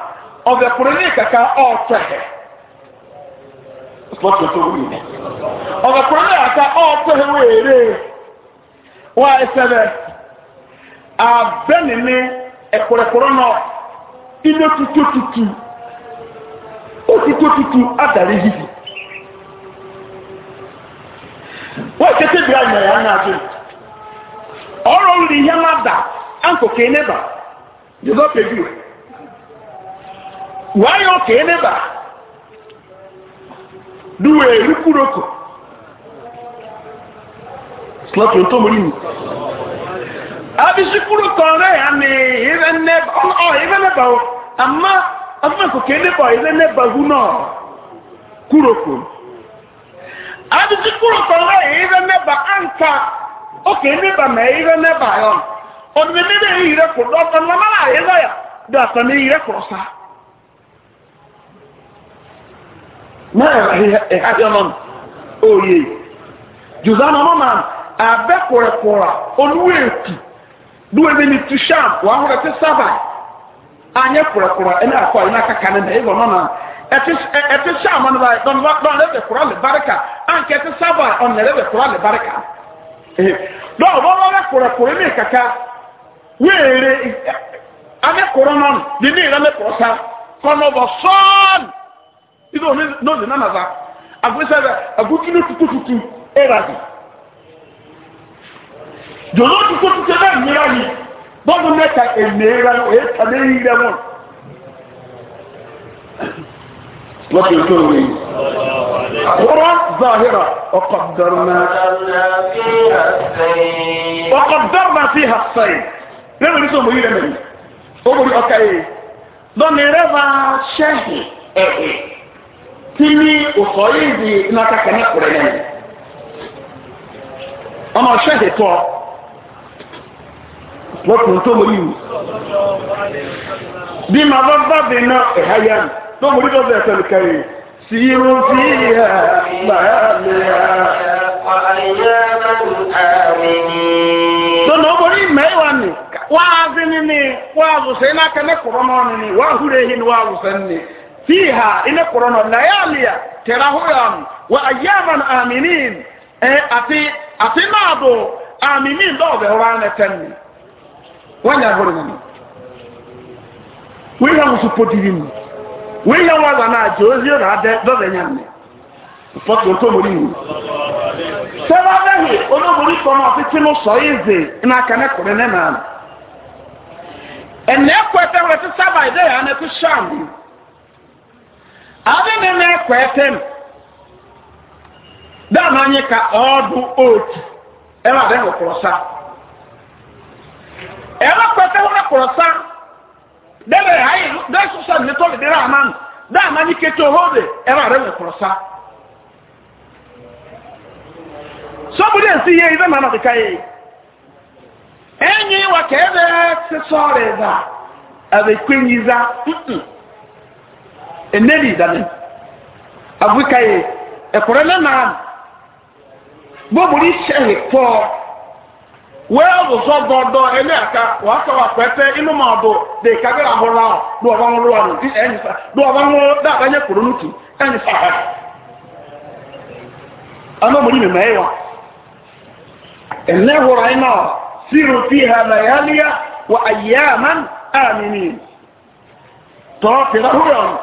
ɔbɛ kura ne kaka ɔtɔ hɛ. mọ́tò tó wù mí. ọ̀gàkùnrin náà ká ọ̀pẹ́ wéèrè wá ẹsẹ̀ abẹ́ni ní ẹ̀kọ̀rẹ̀kọ̀rọ̀ náà ilé tutù tutù ó tutù tutù adarí yìí. wọ́n kété bí àmọ̀ ẹ̀ ọ́nà àjò ọ̀rọ̀ òrì yẹn má dà ánkò duwe rukuroko slatu nto muri kuroko re ani ibe ne o oh, oh, ibe ne bawo amma amma ko kede bo ibe ne bagu no kuroko kuroko re ibe ne ba anka o kede ba me ibe ne ba yo o me ne ne ire ko do ta na mala ibe ya da ta ne ire ko sa náà ìhàjọ́ náà òye jùzánà ọmọ náà abẹ́kọ̀rẹ̀kọ̀rà olúwé èkì dúwẹ́bí ni tùṣàm wà hóró ti sábà anyẹ kọ̀rẹ̀kọ̀rà ẹni àkọ́ ẹni akaka ni bẹ́ẹ̀ ìbọn náà ẹti sáàmù ọ̀nà báyìí dọ̀nà dọ̀nà lẹ́bẹ̀ kọ̀rà lè bárẹ́kà ànkẹ́ ti sábà ọ̀nà lẹ́bẹ̀ kọ̀rà lè bárẹ́kà dọ̀nà bọ́lá rẹ̀ kọ̀rẹ̀kọ̀rẹ̀ ní kàkà wéèrè amẹ́kọ̀rọ̀ náà ní ní ìrẹ́lẹ́kọ̀ọ́ta kọ̀nà bọ̀ sọ́ọ̀nù ibi omi n'ozi na naza agwisɛbɛ agutunu tutututu eradi jolo tutututu bɛ nyira yi bɔnu mɛta emeera no eta n'eyi lɛ mo lɔtɔ eto omi kura zahira ɔkɔdɔrna ɔkɔdɔrna fi ha sɛyi lɛbi nisɔn mo yi lɛ mɛ o mo ni ɔka yi dɔnni rɛ ba sɛhi ɛhi. tini ụfọdụ ndị kana kurenen kwuru tó yìí bí ma bá bá na ẹ̀háyà tó mọ̀ nígbà bẹ̀rẹ̀ pẹ̀lú kẹrì sí irú sí ìhà bàálẹ̀ tó nà ọmọ rí mẹ́wàá ni wáàzí ni ni wáàzùsẹ̀ yìí fiha ina korono layalia terahuyan wa ayyaman aminin e ati ati nado aminin do be horane ten wanya horane we ha musu podirim we ha wa na jozi na de do be nyanne fotu to mori ni sera behi ono mori ko na ti tinu so ize ina kana korene na enne kwete wetu sabai de ya na tu shamu adịghị na-ekwe ete m dam anyị ka ọdụ otu ebe a dịghị kwụrụsa ebe kwete hụrụ kwụrụsa debe anyị desụsa netọlị dịrị ama m dam anyị kete ohode ebe a dịghị kwụrụsa sọbụrụ esi ihe ibe ma nọdịka ya enyi wa ka ebe sịsọ ọrịa ịza ebe kwenyiza eneli dani afrika yi ɛkɔrɔ lɛ naa bɔbɔli sɛhi pɔ wɛɛlu sɔgbɔdɔ ɛnɛ aka wàásù wà pɛtɛ inú ma do de kabira ahọ́ra o do ọba ŋlọ wà nù ti ɛni eh, sa do ọba ŋlọ dàgbà nyɛ kuro nù tu eh, ɛni sa ha ɛnɛ ɔmọdé mi mɛɛ wa ɛnɛ wòrán yìí náà sírò fi hà nàyàlíyà wà ayé àmàn àmì ni tọ́ fìlà húyọ̀ nù.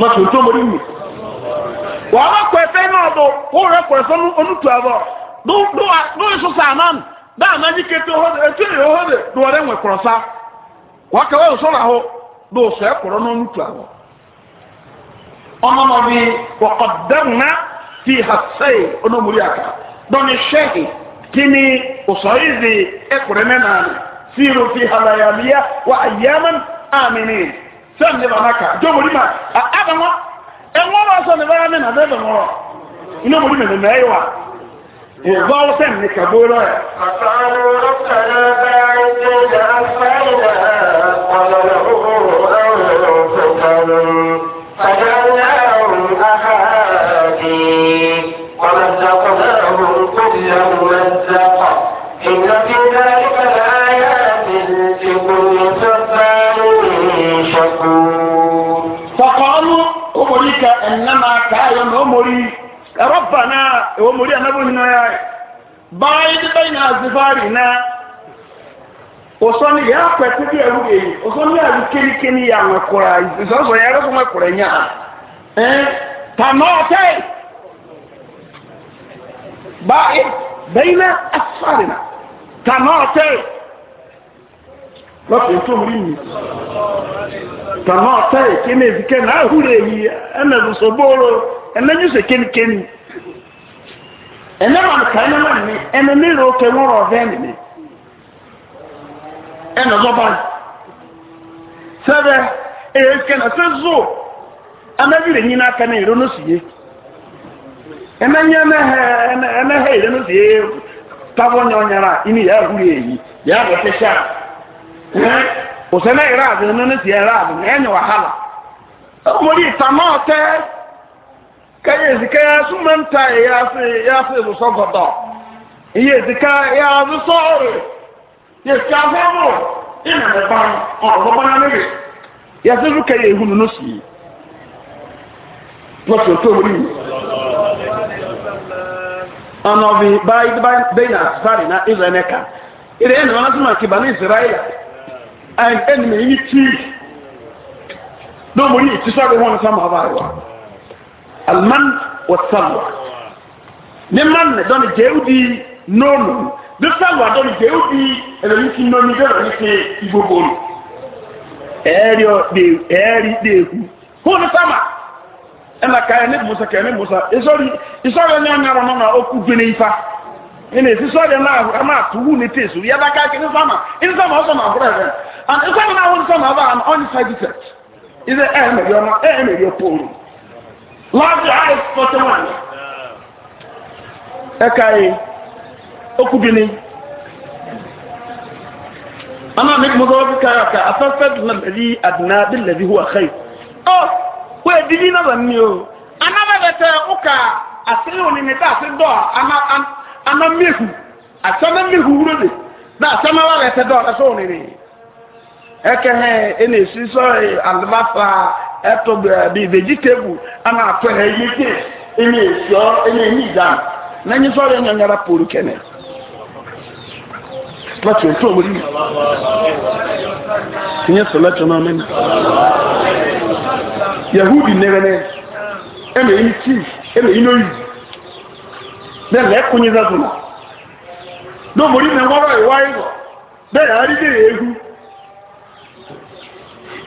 mọ́tò tó mọ́ nínú. wà á kọ ẹ̀fẹ́ náà bọ̀ wọ́n rẹ̀ pọ̀ ẹ̀fọ́ onútù àbọ̀ ló ń sọ́sọ́ àmà mi dáa máa ní kété etí èrè ó hẹ́rẹ̀ ló wọlé wọn kọ̀rọ̀ sá wọ́n kẹ́wọ́ ìṣọ́ra hó ló sọ ẹ̀ kọ̀rọ̀ náà onútù àbọ̀. ọmọ náà bí wọ́kọ̀ dẹ́rùnà fi hàṣẹ́yì onómúrí àká dọ́ni ṣẹ́yì kí ni òṣòyìí sẹ́mi ní bàbá kà jọ mọ̀ nípa àbẹ̀ wọn ẹ̀wọ́n bá sọ ní bá mi nà bẹ́ẹ̀ bẹ̀ wọ́n iná mọ̀ nípa nìyẹn yìí wa ìgbà wọ́n sẹ́mi ní kàgbó rẹ̀. Thank you. ewo muri ya hino yayi bayi na ya kwete bi ewu eyi osoni ya kiri kiri ya ngakora izozo ya ro kuma kurenya eh tamote bayi baina asfarina tamote lọ́pọ̀ tó rí mi tàmá ọ̀tá èkéne èzìkẹ́ náà húrẹ̀ ɛnɛ ma nka ɛnɛ ma mi ɛnɛ mi oke ŋɔrɔ ɔvɛ mi mi ɛnɛ zɔba yi sɛbɛ ee kɛnɛ sɛ zo ɛnɛ bi le nyina kɛnɛ yɛrɛ no si ye ɛnɛ nyɛ ɛnɛ hɛ ɛnɛ ɛnɛ hɛ yɛrɛ no si tabɔ nyɛ yɛ yɛ yi yɛ abɔ hyehyɛ a ɛn osɛnɛ yɛrɛ adi ɛnɛ no si yɛ yɛrɛ wahala kaya zika ya su manta ya fi ya fi musa fada iye zika ya zu sori ya zika fomo ina da ban ọgbọ ban ne ya su zuka ya ehunu no si wato to wuri ana bi bai bai na sari na izaneka ire ene wana suma ki bani israila and alman wa salwa ne man ne dɔn jɛudi noonu ne salwa don jɛudi ɛlɛmi ti noonu bɛ lɔri ti ibobo nu ɛɛri ɔ de ɛɛri deeku kó ne sama E na kai ne musa kaya ne musa Isori isori ne ŋarɔ nɔnɔ oku gbene ifa ɛna esi sɔri ɛna ɛna tuwu ne te so yaba kaya ne sama ne sama ɔsɔ na abura yɛ and isɔri na awo ne sama aba ɔni side effect ɛna ɛyɛ mɛ yɔ na ɛyɛ mɛ yɔ poolu. Last eyes forty one. Ẹ̀ka yìí, okú ni. Ana mi mo dọ́wọ́ kíkà dị na afẹ́fẹ́ dùnà lẹ́bi àdùnà bí lẹ́bi hu àkàyè. o kwa yẹ didi náà o. Anábẹ́bẹ́tẹ̀ ọkà ụka òní ní káàsì dọ̀ anamíhu àṣàmẹ́míhu wúlò lè dá àṣàmẹ́wà rẹ̀ tẹ̀ ɛtɔ bi vegetable ana akwere ha yi ke ɛna esuɔ dan na nyi sɔrɔ yɛ nyanyara poro kɛnɛ lati o tó o wuli na yahudi zazuna mori ehu.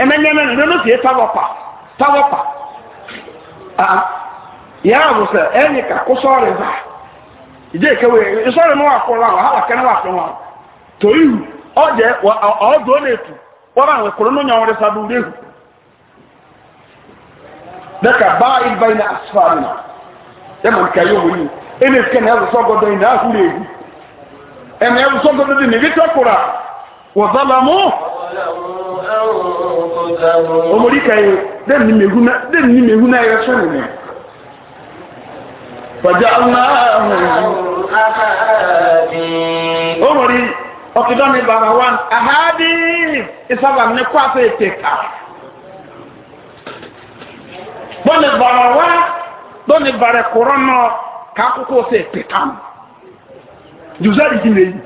ɛmɛ nneɛma no nneɛma sie tawɔpa tawɔpa aa yɛn a wosɛ ɛnyɛ ka ko sɔɔre ba ìdí ìkẹwé ìsọ̀rọ̀ ní wàá kọ́ra wàá wàá kẹ́ni wàá kẹ́wàá torí hù ọ̀jẹ̀ ọ̀ọ́dọ̀ lè tù wọ́n àwọn ìkòrò ní ọ̀nyàwó rẹ̀ sábà wúlé hù. dẹ́ka báyìí báyìí náà asfaw náà ẹ̀ mọ̀ nǹkan yóò wọlé ẹ̀ ní kẹ́ni ẹ̀ wọ́sọ̀ gọ́dọ̀ yìí náà hù lè hù ẹ̀ mọ̀ ẹ̀ wọ́sọ̀ gọ́dọ̀ yìí ní wọ̀zọ́lọ́mú ọmọdékàyè dẹ́ni mẹ́hu náà yẹ sọ́nù ní fàjá aláàrùn ọmọdé ọkìdọ́ni bàbá wa àhádì ìsábà ní kó àfẹ́ ìtẹ̀ka bọ́ni bàbá wa bọ́ni bàrẹ̀ kúrọ́ náà kákókó sí ìtẹ̀ka jùzọ́ ìdílé yìí.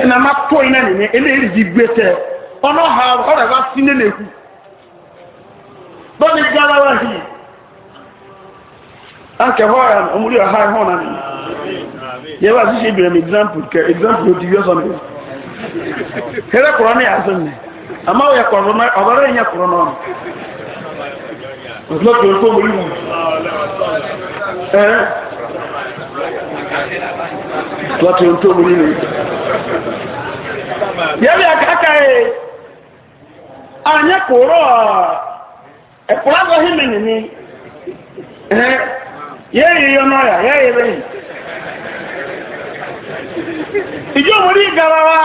ɛna ma tó iná nìyẹn ɛna èyí di gbé tẹ ɔnà ha ɔrɛ wa sí nílé hu bọ́ni gbára wa hì akẹ́ hɔ ẹ̀ ɔmúlẹ̀ ọ̀ha ẹ̀ hɔ nà nìyẹn yẹ wá sísè bìrẹ̀ mi example kẹ example yóò ti yọ kẹrẹ kọrọ ní ọ̀yẹ kọrọ náà ọ̀bẹ̀rẹ̀ yẹn kọrọ náà tó láti ohun tó mú nínú yẹ́bí àkàkà ẹ̀ àyẹ́kòrò ẹ̀kùrázọ́ hìmìnì ni yẹ́yẹ yọ́nà ọ̀yà yẹ́yẹ lẹ́yìn ìjọ mú rí ìgara wa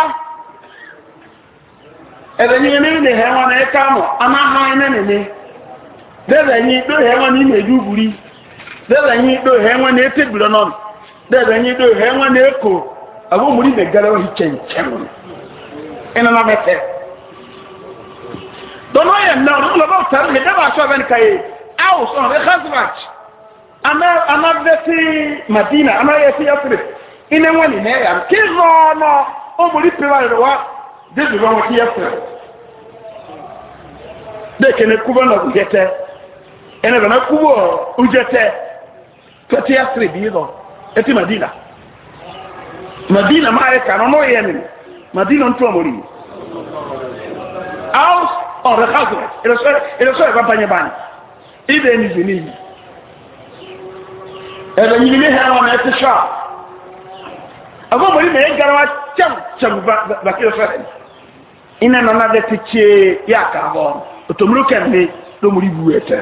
ẹ̀rẹ̀yìn ẹ̀mẹ́rin lè hẹ́wọ́n ní ẹ̀ká mọ̀ amáhá ẹ̀mẹ́rin ni bẹ́ẹ̀rẹ̀yìn tó hẹ́wọ́n ní ìmẹ̀jú buri bẹ́ẹ̀rẹ̀yìn tó hẹ́wọ́n ní ètè dẹ́ẹ̀dẹ̀ yín dò hẹ́ wọn ní èkó àwọn òmùrí mẹ́gàrà wọn kyẹ̀nkyẹ̀n ẹ̀nà náà mẹ́fẹ́. dọ́nà yẹn náà ọ̀nà lọ́wọ́ sáré mi dábàá aṣọ abẹ́ni káyé áwò sọ̀rọ̀ ẹ̀ hasbach anábẹ́sí madina anáyẹsí yasiri iná wọn ní mẹ́yà kí zọ́ọ̀nà òmùrí pèwà rẹ̀ wá débi wọn wọ́n ti yasiri. dẹ́ẹ̀ kẹ́ni kúbọ̀ náà kú jẹ́tẹ́ ẹ̀ eti madina madina maa yɛ kan ɔno yɛ ne madina n tura mori aws ɔrɛ hazard ɛrɛsɔ yɛ ba banyɛ ban ibe ni zini yi ɛrɛ nyini ne hɛn wɔn ɛti sɔ a afɔ mori mɛ yɛ garawa kyɛm kyɛm ba ba kiri sɔ yɛ ina nana de ti tse yɛ a kan bɔ otomuro kɛn ne lomori bu yɛ tɛ.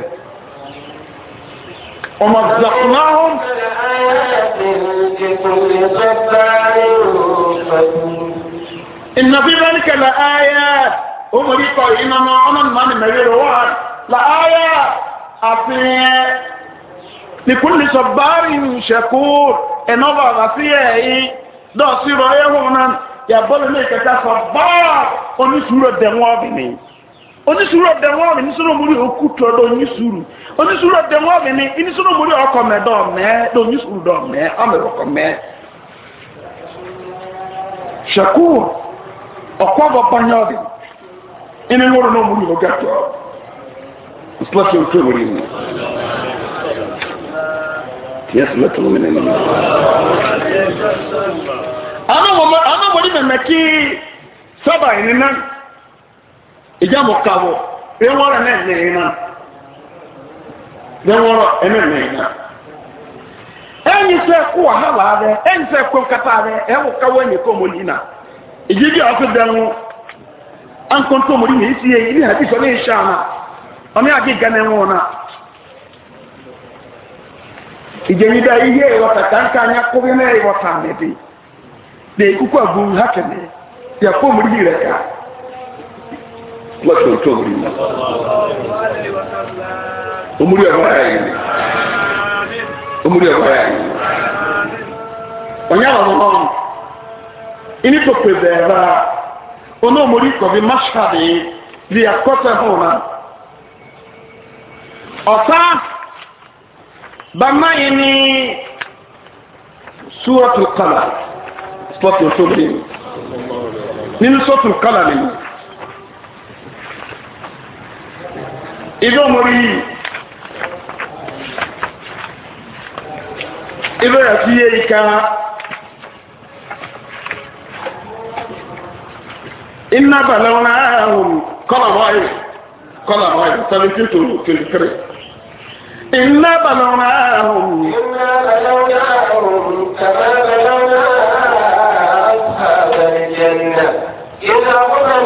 ومزقناهم إن في ذلك لآيات هم ريقوا إنما عمل من مريروان لآيات أفيه لكل صبار شكور إنما غفيه دو سيرو يهونا يا بولي ميكتا صبار ونسورة دموابني onísùúrù ọ̀dẹ̀ wọn mi nísùúrù múri òkú tọ́ lọ onísùúrù onísùúrù ọ̀dẹ̀ wọn mi ní nísùúrù múri ọkọ̀ mẹ́ dọ̀ mẹ́ lọ onísùúrù dọ̀ mẹ́ ọmọ ọkọ̀ mẹ́. ṣẹ̀kú ọ̀kọ́ bọ̀ pányá ọ̀dẹ̀ ẹni wọ́n náà múri ọ̀gá tọ́ ìsìlọ́sì òkè wòlé mi. tiẹ́ sílẹ̀ tó lómi nínú. àwọn ọmọdé mẹ̀mẹ́ kí sábà ìnínà. ìjà mọ̀ kàwọ̀ bí wọ́n rẹ̀ mẹ́rin nìyí náà na. wọ́n rẹ̀ mẹ́rin nìyí náà. ẹ̀yin sẹ́ kó wàhálà rẹ̀ ẹ̀yin ka kó kata rẹ̀ ẹ̀ káwọ́ ẹ̀yìn kó mo na náà ìjì bí ọ̀sẹ̀ dẹ̀rù ankọ́ntò anọ, lì ní ìsì yẹn ìdí àti sọ ní àná ọ̀nà àti gánà ẹ̀wọ̀n náà. ìjẹ̀yìn dá iye ní akóbí náà lọ́tọ̀ tó bí mi. Omúri ọ̀rọ̀ ayà yìí. Omúri ọ̀rọ̀ ayà yìí. Ọ̀nyá ọ̀rọ̀ náà, ìní pèpè bẹ̀rẹ̀ ọ̀nà òmùrí kọ̀bí máṣáàdì di àkọ́tẹ̀ hàn náà. Ọ̀tá bàmá yìí ní súwọ́tù kọ́là. Sọ́tù tó bí mi. Nínú sọ́tù kọ́là nìyí. ibi ọmọdé yìí ibi rẹ̀ fi yé ika iná balẹ̀ wọn ahùn kọ́là wáyé kọ́là wáyé seventy to twenty three. إنا بلوناهم إنا بلوناهم كما بلونا أصحاب الجنة إذا قلنا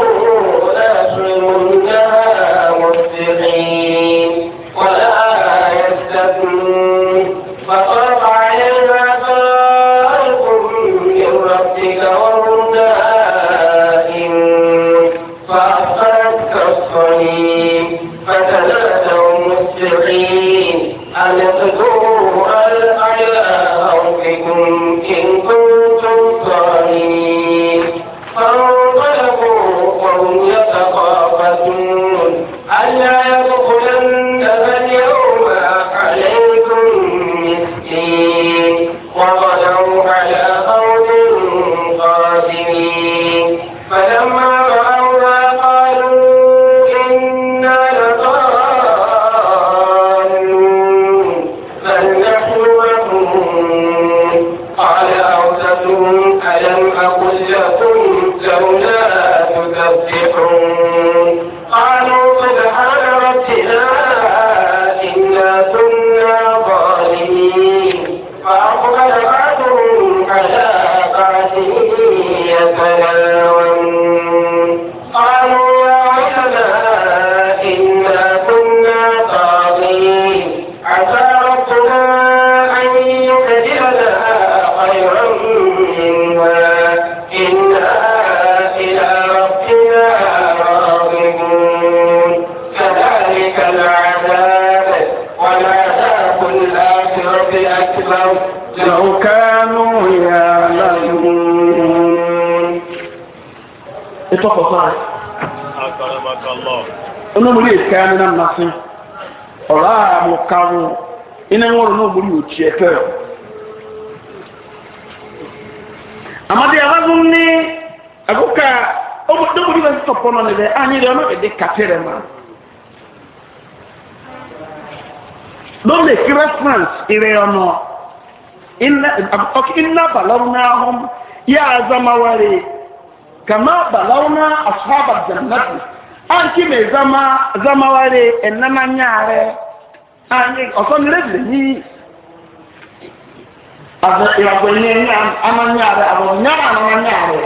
onomori esia ne nam nase ɔraa mo karo ina nworo na omori okyia pɛ amadi abazum ne agoka ɔmo domori bɛ sɔpɔ no ne dɛ anyi dɛ ɔno ɛde katere ma don make reference ire ɔno ina ɔkè ina balawu n'ahom yɛ azamawari kama balawu na asfaw abadzanati. a kime zama zama ware enama nyare anyi ọsọmi lebi yi abọ ìràgbọnye ama nyare abọ nyara ama nyare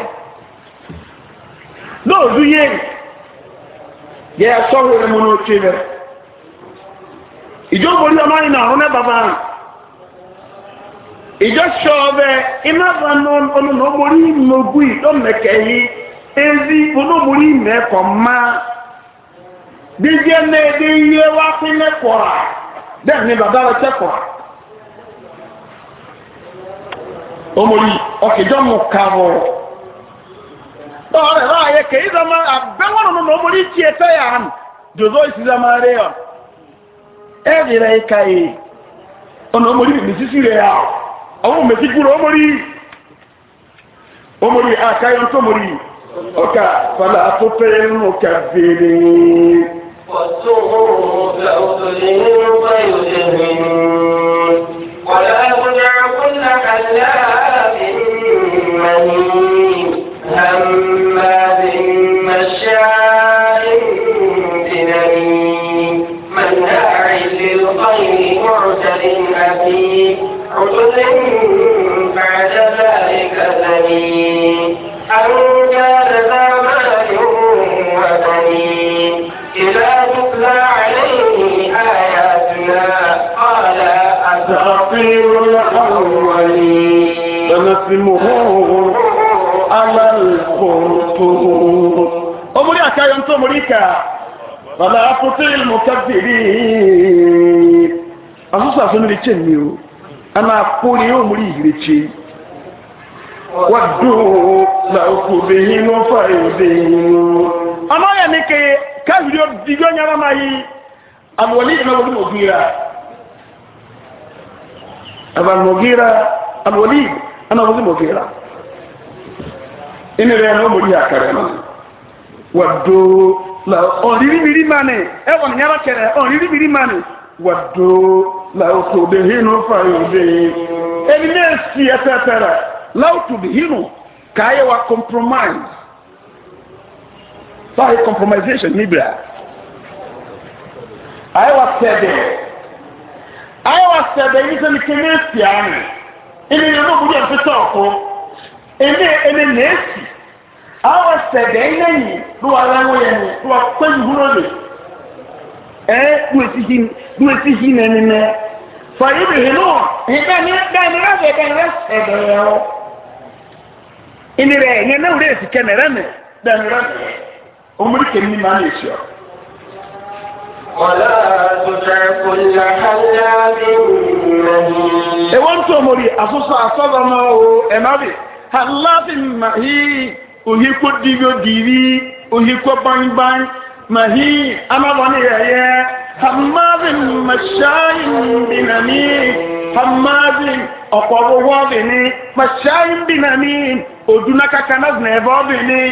lóòdù yé yẹ ya rẹ mu n'otu rẹ ìjọ òbòrí ọmọ yìí n'ọhún ẹ bàbá ìjọ ezi dídíẹ mẹ́ẹ̀ẹ́dẹ́ yíyẹ wá sí mẹ́kọ̀ọ́ra bẹ́ẹ̀ ni bàbá rẹ̀ kẹ́kọ̀ọ́ra. omori ọ̀kẹ́jọ́ mu kàwọ̀ ọ̀rẹ́ báyẹ kẹ́yí zama àbẹ́wọ̀n nínú omori tiẹ̀ tẹ́ yà hàn dòdò zama rẹ̀ yọ. ẹ yìí ọ̀nà bìbí sísú rẹ̀ yà kúrò àkàyọ̀ fàlà nù والسوء فأذلهم فيدهنون ولا يمنع كل حلاف مهين هماز مشاء بنميم مناع للخير معتد أثيم عتل بعد ذلك زنيم asimuhun alalkoto. Omori akayo nto omori ka bàbá aputil mukabiri. Asusu asunuri kye mi o, ana apori omori yiri kye. Wadu lauku nyara máa yí àwọlé ìnáwó ní ana wasu mafira ina da yana muri a kare ma waddo la oriri biri mane ẹwọn yara kẹrẹ oriri biri mane waddo la oto de hinu fayo de ebi ne si ẹtẹtẹrẹ la oto de hinu kaaye wa compromise sahi compromisation nibira ayewa sẹbẹ ayewa sẹbẹ yi sẹbi kẹmẹ si ame. ìrìnà na mú yẹn fífẹ́ ọ̀kọ́ ẹni ẹni esi, àwọn ẹsẹ̀dẹ̀ ẹ̀yìn ló wà láwọ yẹn ní ló wà pẹ́yì húrọ̀ lè ẹ́ dúró sí yìí nẹni nẹ fàyè bìhì náà nígbà enye na na ولا تطع كل حلاف مهين اي وانت موري اصوصا اصابا ما هو امابي حلاف مهين ohi kó dìbò dìbì ohi kó bánibán mahi amábọ́ni yẹyẹ hamadin mashayin binami hamadin ọ̀pọ̀ owó ọ̀bìnrin mashayin binami odunakakana zinẹ̀bọ̀ ọ̀bìnrin.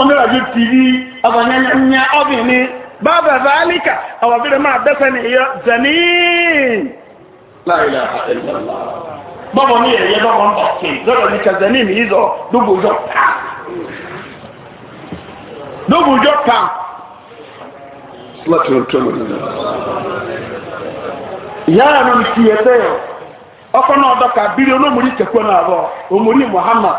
ọmọlá bí tìrí ọ̀bọ̀nyẹnyẹnyẹ ọ̀bìnrin bàbá bàálíkà àwọn abẹ́rẹ́ máa dẹ́sẹ̀ ní ìyọ zẹ̀mí. bọ́bọ̀ ní ẹ̀yẹ bọ́bọ̀ ń bọ̀ sí lọ́dọ̀ ní kẹzẹ̀ní mi ìzọ dógójọ́ pa dógójọ́ pa. yàrá mi ti yẹ sẹ́yọ̀ ọkọ̀ náà dọ́ka bírí olómùrí tẹ̀kọ́ náà bọ̀ òmùrí muhammad.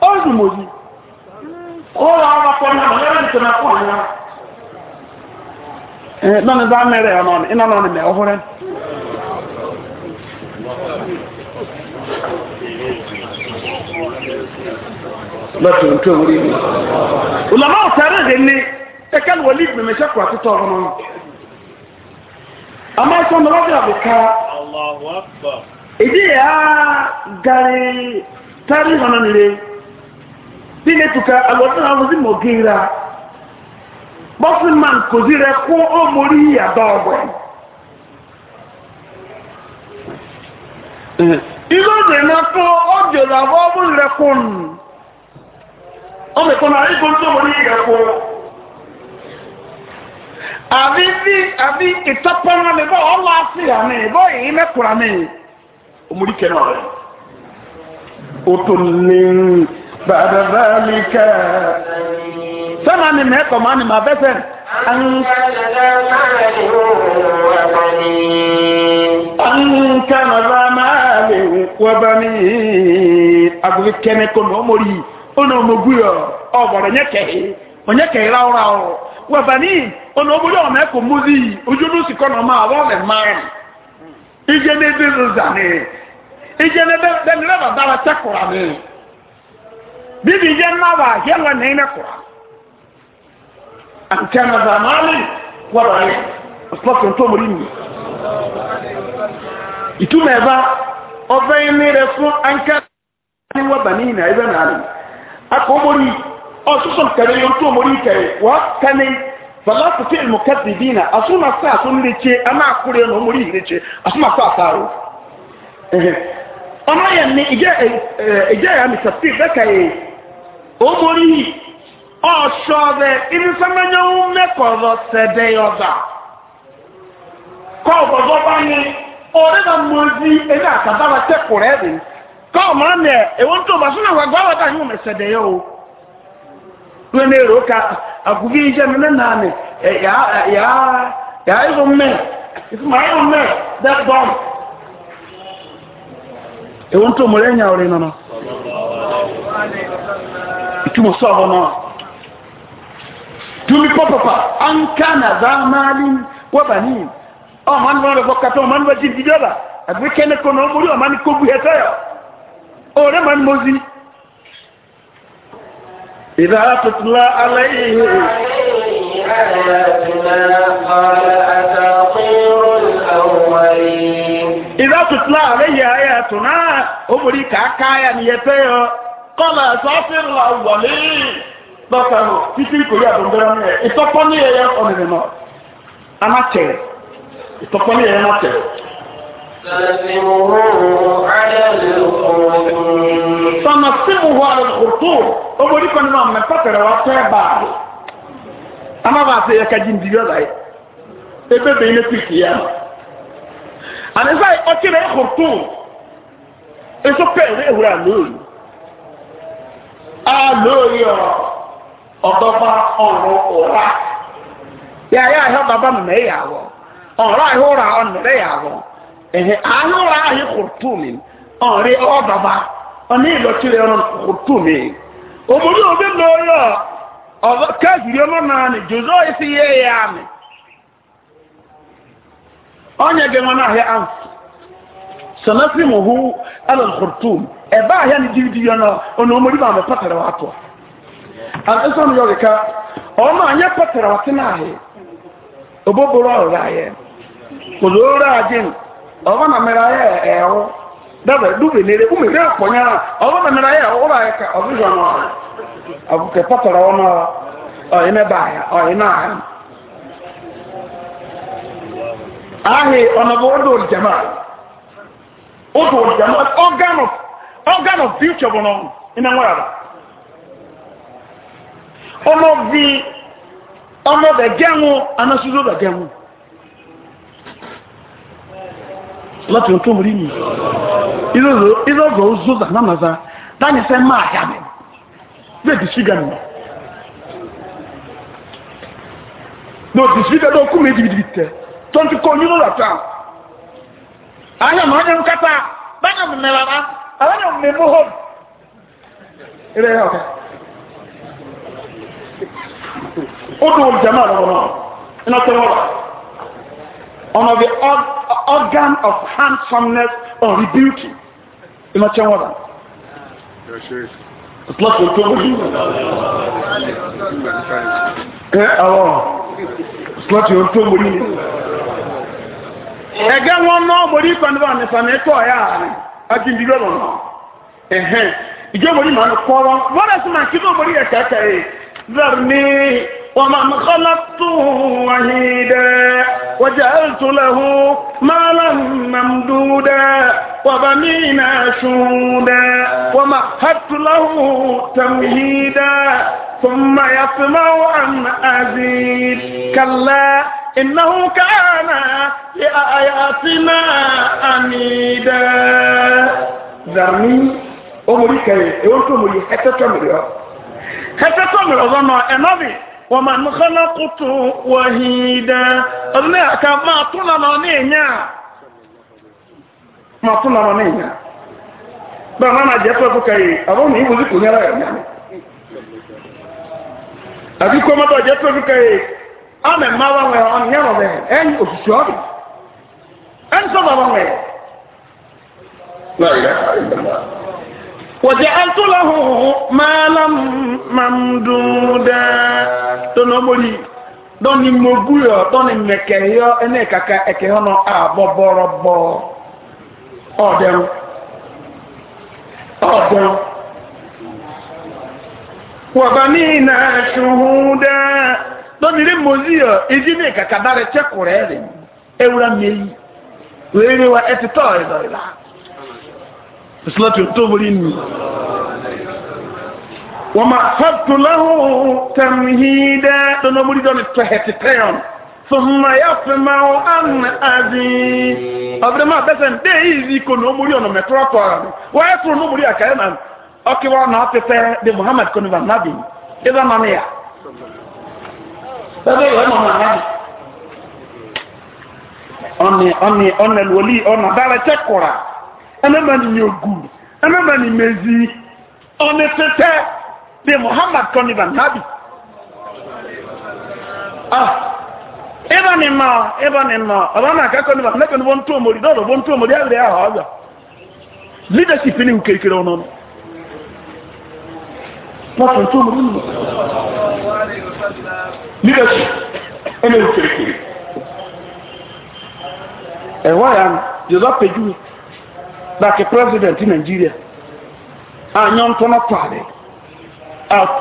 ozu mozi ụlọ ọrụ kpọrọ ya nwere eh, na kpọrọ ya nọ n'ebe mere ya n'ọnụ ịnọ n'ọnụ mee ọhụrụ lọ́tọ̀ tó wúrí ni ọlọ́mọ ọ̀tẹ́rẹ́ rẹ̀ gari tẹ́rì dine tuka na muzi mogira bọ́sí ma nkòzí rẹ kó ó mórí yàtọ̀ ilé òdè náà tó ọjọ́ làbọ́ ọdún rẹ kó nù. ó lè kó náà igun tó mórí rẹ àbí bí àbí ìtọ́pọ́nà mi bọ́ àmì bọ́ èyí mẹ́kùnrin rẹ̀. ó tó بعد ذلك سمعني منك ومعني ما بسن أنت ذا مال وبنين أنت ذا مال وبنين أقول كنك نومري onomoguyo ọgbọrọ nyekehi onyekehiri ọrụ ahụ webani onomoguyo ọmeko muzi ojunu sikọ na ọma awọ le mara ije n'ebe zụzani ije n'ebe benireba dara chekwara ni bibi janna ba yalla ne na ko an kana zamani mali wa rayi to murini itume ba obayin ni re fun ka ni wa banina idan ali akomori o susun kare yon to mori kare wa kane fala ku fi asuma sa akure no mori asuma sa ije ije ya mi kai omori ọsọọbẹ ọ mẹkọọdọ sẹdẹ yọba kọọbọdọ bá ní ọdẹbà mọzi ẹni àtàbàbà tẹkùrẹ bi kọọmọ nẹ ẹwọn tó bá sọnà wàgbà wàtà ní wọn sẹdẹ yọ o wọn èrò ká àgùbí yìí jẹ mi nínú àmì ẹ yà yà yà ewu tó mọ̀rẹ́ ẹ̀yà orin nana ìtumọ̀ sọ̀rọ̀ náà tumi pọpọpọ anka na zamali wọbani ọmọ nígbà wọn lọ kàtó ọmọ nígbà jíjí dọ́là àbí kẹ́ni kọ́ náà mórí ọmọ ní kó ẹ̀tọ́ yọ ọ̀rẹ́ mọ̀ ní mo zi. ìdá tuntun la alẹ́ yìí. ìdá tutula àlẹyẹ ayé àtúná òmùrí kàákà ayà ni yẹpẹ yọ kọlà sọfìrì là wọlé dọkítàrò títí kò yà dọ̀ndọ̀rọ̀ mi yẹ ìtọ́pọ̀ ní yẹ yẹ ọ̀nìyàn náà anatsẹ ìtọ́pọ̀ ní yẹ yẹ anatsẹ. Sọ̀nà símu hó àlọ́ kòtò òmùrí kan náà mẹ́fà tẹ̀rẹ̀ wá tẹ́ báàlì. Amábàá sẹ́yẹ kájí ndìyọ́ láyé. Ebébè yín lé pìkì yá àníṣà ọtí rẹ̀ kò tó èso pẹ̀lú ewúrẹ́ àlóyè àlóyè ọ̀dọ́gba ọ̀rọ̀ ọ̀rá yà yà àhẹ́ bàbá mi mẹ́yà wọ̀ ọ̀rọ̀ àhúrà ọ̀nẹ̀rẹ̀ yà wọ̀ ẹ̀hẹ́ àhúrà àhẹ́ kò tó mi ọ̀rẹ́ ọ̀dọ́gba ọ̀nà ìlọtí rẹ̀ kò tó mi òmùdí òbí lóyè ọ̀ kẹ́sìrì ọmọ náà ni jòzó ìsì yẹ́ yà mi. onye gị nwa n'ahịa ahụ sanasi mu hu ebe ahịa ni didi ya na ono omori ba me patara wato an eso mi yoge ka o ma anya patara wato na ahịa oboboro ọrụ ahịa ozoro ajin ọba na mere ahịa ewo dabe dube nere ume re akonya ọba na mere ahịa ọrụ ahịa ka ọzụzụ ọnụ ahụ abụke patara ọnụ ọ ime ba ahịa ọ ime ahịa ahe ọ̀nàbọ̀ ọdọ̀ ọdụ ọdọ̀ òjàmà organ of of future bọ̀ náà iná wọ́n ọmọ bí ọmọ bẹ̀ gẹ́wọ̀n láti ọ̀tọ́ mú rí mi ìlọ́gọ̀ ozo zanamaza dáni sẹ́ máa yà mí tonti ko nyuno la ta anya ma nya nkata bana mme baba abana mme mu ho ile ya ka odu ul jamaa no ina to wala ono the organ of handsomeness or beauty ina cha wala Plus, we're going to do it. Eh, alors láti ohun tó mórí ni. ẹ̀gẹ́ wọn náà mórí ìpàdébà nìfàmì ẹ̀tọ́ ọ̀yá rẹ̀ ajínigbé lọ́nà ẹ̀hẹ́n ìjọ́ mórí màá kọ́ wọn wọ́n rẹ̀ sì máa kí ló mórí ẹ̀kẹ́kẹ́ yìí. ذرني ومن خلقته وحيدا وجعلت له مالا ممدودا وبنينا شهودا ومهدت له تمهيدا ثم يطمع أن أزيد كلا إنه كان لآياتنا اميدا ذرني أمريكا أمريكا أمريكا أمريكا kẹtẹ sọmi ọzọ nọ ẹnọbi wọn máa mú kọ́nà kutu wọ̀hìn dẹ ọdún yà ká máa tún nànà ní ìyá máa tún nànà ní ìyá bẹ́ẹ̀ máa nàjẹ́ fẹ́ fún kẹyì àwọn mi ìwòsí kò ní ara ẹ̀yà mi àbí kó mọ́tò jẹ́ fẹ́ fún kẹyì ọmọ ẹ̀ máa wà wẹ̀ ọmọ ìyá wọ̀ wẹ̀ ẹ̀yìn òṣìṣẹ́ ọ̀dọ̀ ẹ̀ ń sọ̀rọ̀ wọ̀ wẹ̀. وجعلت له مالا ممدودا تنمري dɔnni moguyo dɔnni mɛkɛyɔ ɛnɛ kaka ɛkɛyɔ nɔ abɔ bɔrɔbɔ ɔdɛrù ɔdɛrù wàbàmí iná suhuda dɔnni rí moziyo ìdí ní kaka ìsìlẹ́tì tó borí ni wọ́n máa fẹ́tù lẹ́hùn tẹ̀míhídẹ́ lọ́nà borí dọ́ni tẹ̀hẹ̀tì tẹ̀yọ̀n fúnma yà fún ma ọ àná àdì ọ̀bẹ̀rẹ̀ máa bẹ́sẹ̀ ndé yìí yìí kò ní ó borí ọ̀nà mẹ́tọ́rọ̀ pọ̀ rẹ̀ wọ́n yẹ fún un ní borí àkàrẹ́ náà ọkẹ́wọ́ náà pẹ́pẹ́ de muhammad kò ní bá nàbì ẹ̀dá máa ní yà bẹ́ẹ̀ yọ̀ ọ́ mọ̀ mọ̀ nàbì ọ̀nà ọ̀nà ọ̀nà lọ́lì ọ̀nà dára tẹ́kọ̀rọ̀ ẹnẹ́mà ni ní ogun ẹnẹ́mà ni mẹ́zi ọ̀nà tẹ́tẹ́ bí muhammad kọ́ni bá nàbì. ịba ni mma ah, ịba ni mma ọba na aka kọ́ni bá nàbì ni wọ́n tó omori dọ́ọ̀dọ̀ wọ́n tó omori ẹ̀rẹ̀ ahọ́ ọ̀gbà leadership ni kìrìkìrì ọ̀nà ọ̀nà wọ́n tó omori nù. leadership ẹni kìrìkìrì ẹ̀wọ́ ya jọ̀dọ̀ pẹ̀jú mi. dake president nigeria anyọ ntọnọ pari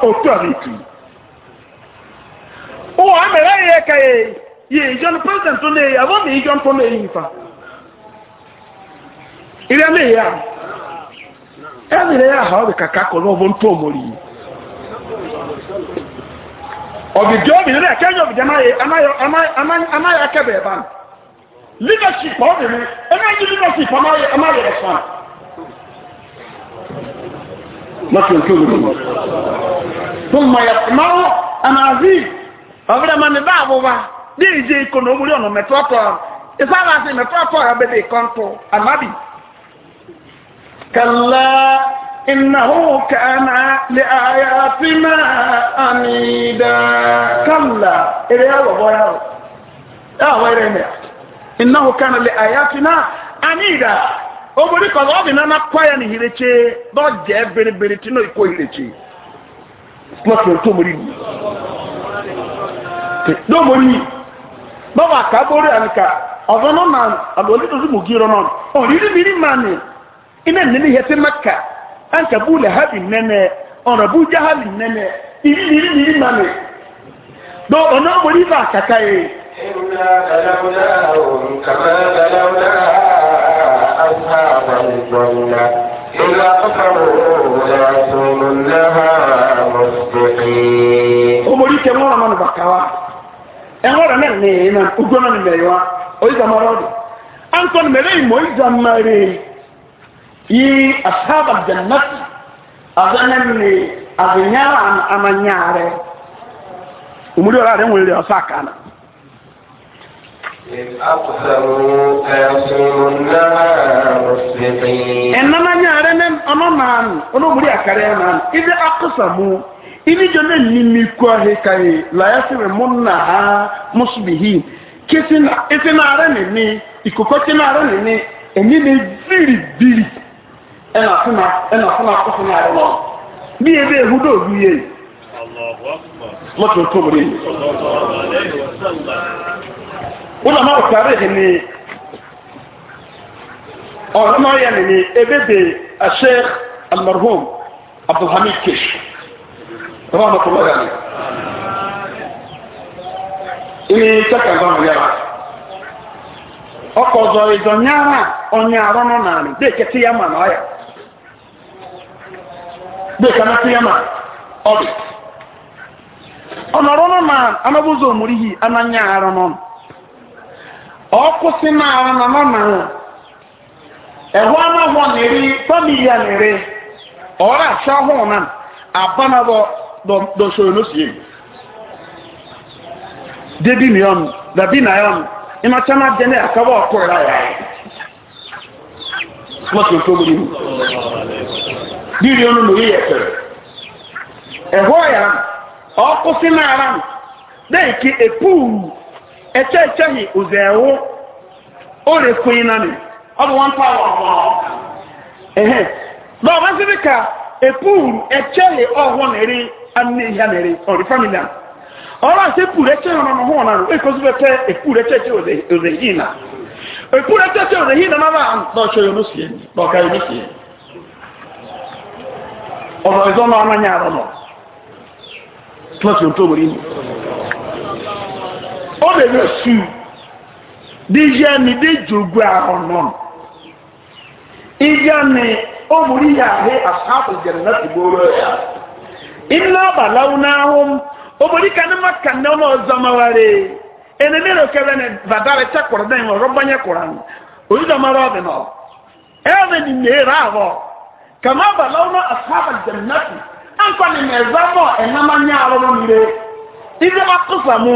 otu arịtu ụwa mere ya ka ya ya ijọ president ọ eyi abụọ na ijọ ntọ na-eyi nfa ire na ya ya mere ya ha ọ dị ka ka kọrọ ọbụ ntọ omori ọbịbịa obi na ya kenya ọbịbịa anaghị anaghị anaghị akebe ebe a. leadership ọ dị m ebe ndị leadership amaghị ọsọ maka nke obodo bụ mma ya mmanwụ anazi ọbụla ma mebe abụba dị ije iko na ogburi ọnụ metụ ọtọ ife a na-asị metụ ọtọ ya bebe iko ntụ amabi kalla إنه كان لآياتنا عنيدا كلا إليه وبياه يا ويرين يا innahu kana li ayatina anida obori ko obi na na kwaya ni hireche do je bere bere ti no iko hireche slot yo to mori do mori baba ka bori anka ozo no na aloli to mu giro no o riri miri mani ina ni ni hete makka anka bule habi nene ona bu nene iri mani do mori ba kakaye إنا بلوناهم كما بلونا أصحاب الجنة إذا كفروا ليصومنها مصدقين. أمريكا كمورا من بكاوا. أمورا من نينا أجونا من بيوا. أيضا مرادو. أنتم مريم وإذا مريم yi asaba jannati azanan ne abinyara amanyare umuri ọ̀rọ̀ rẹ̀ ń wọlé ọ̀sá kanáà ɛnana nyaare ne ɔno naanu ɔno wuli akara naanu ibi akusamu ibi jɔ ne nimi kɔ hekaye layasiri mu na ha musubihi kesi na esi naare ne ni ikoko ti naare ne ni emi ne biribiri ɛna funa ɛna funa kofi naare lɔ bi ebe ehudo obi ye mɔtò tó ụlọ ma ụkarịghị ni ọrụma ya ni ebe dị ashek almarhum abdulhamid kish ọba amatụlọ ya ni ini chaka nzọ ya ọkọ ọzọ ịzọ nyara onye arụ nọ naanị dekete ya ma na ọya dekanatị ya ma ọ dị ọ nọrọ nọ na anabuzo omurihi ananya arụ n'ọnụ ọkụsị mara na mama ẹhọ anáwọ na fámìlíà nìrí ọrọ ọhụrụ náà abánabọ dọsọrọ lọsìẹ débi mìíràn dàbí nàíràn iná tí a na jẹnẹ àkàbọ ọkọ rẹ ayà lọsì tó wúlò mu ọkụsị mara dẹ́yìn kí ẹ̀kyẹ́ ẹ̀kyẹ́ yìí ọ̀zẹ̀ ẹ̀wọ́ ó lè kó yín náà ni ọ̀dọ̀ wọn pa wọ̀ ka epuuru ẹ̀kyẹ́ yìí ọ̀hún nìrí anú ìhà nìrí ọ̀dí fámìlì à ọ̀rọ̀ àti epuuru ẹ̀kyẹ́ yìí ọ̀nà ọ̀hún náà ẹ̀kọ́ sí bẹ́tẹ́ epuuru yìí epuuru yìí yìí yẹn ọ na-enye su dịjịa ni dịjị ogwe ahụ nọ ịjịa ni ọ bụrụ ihe ahụ asahapụ jere na tụgboro ya ịnna abalawo n'ahụ obodo ka ndị ka ndị ọnụ ọzọ mawara ene mere okebe na badara chakwara na enwe ọrụ gbanye kwara oyido mara ọ dị nọ ebe ni na-ere ahụ kama abalawo na asahapụ jere na tụgboro ya nkwa ni na-eze mọ enamanya arụrụ mmiri ịdị akụsa mụ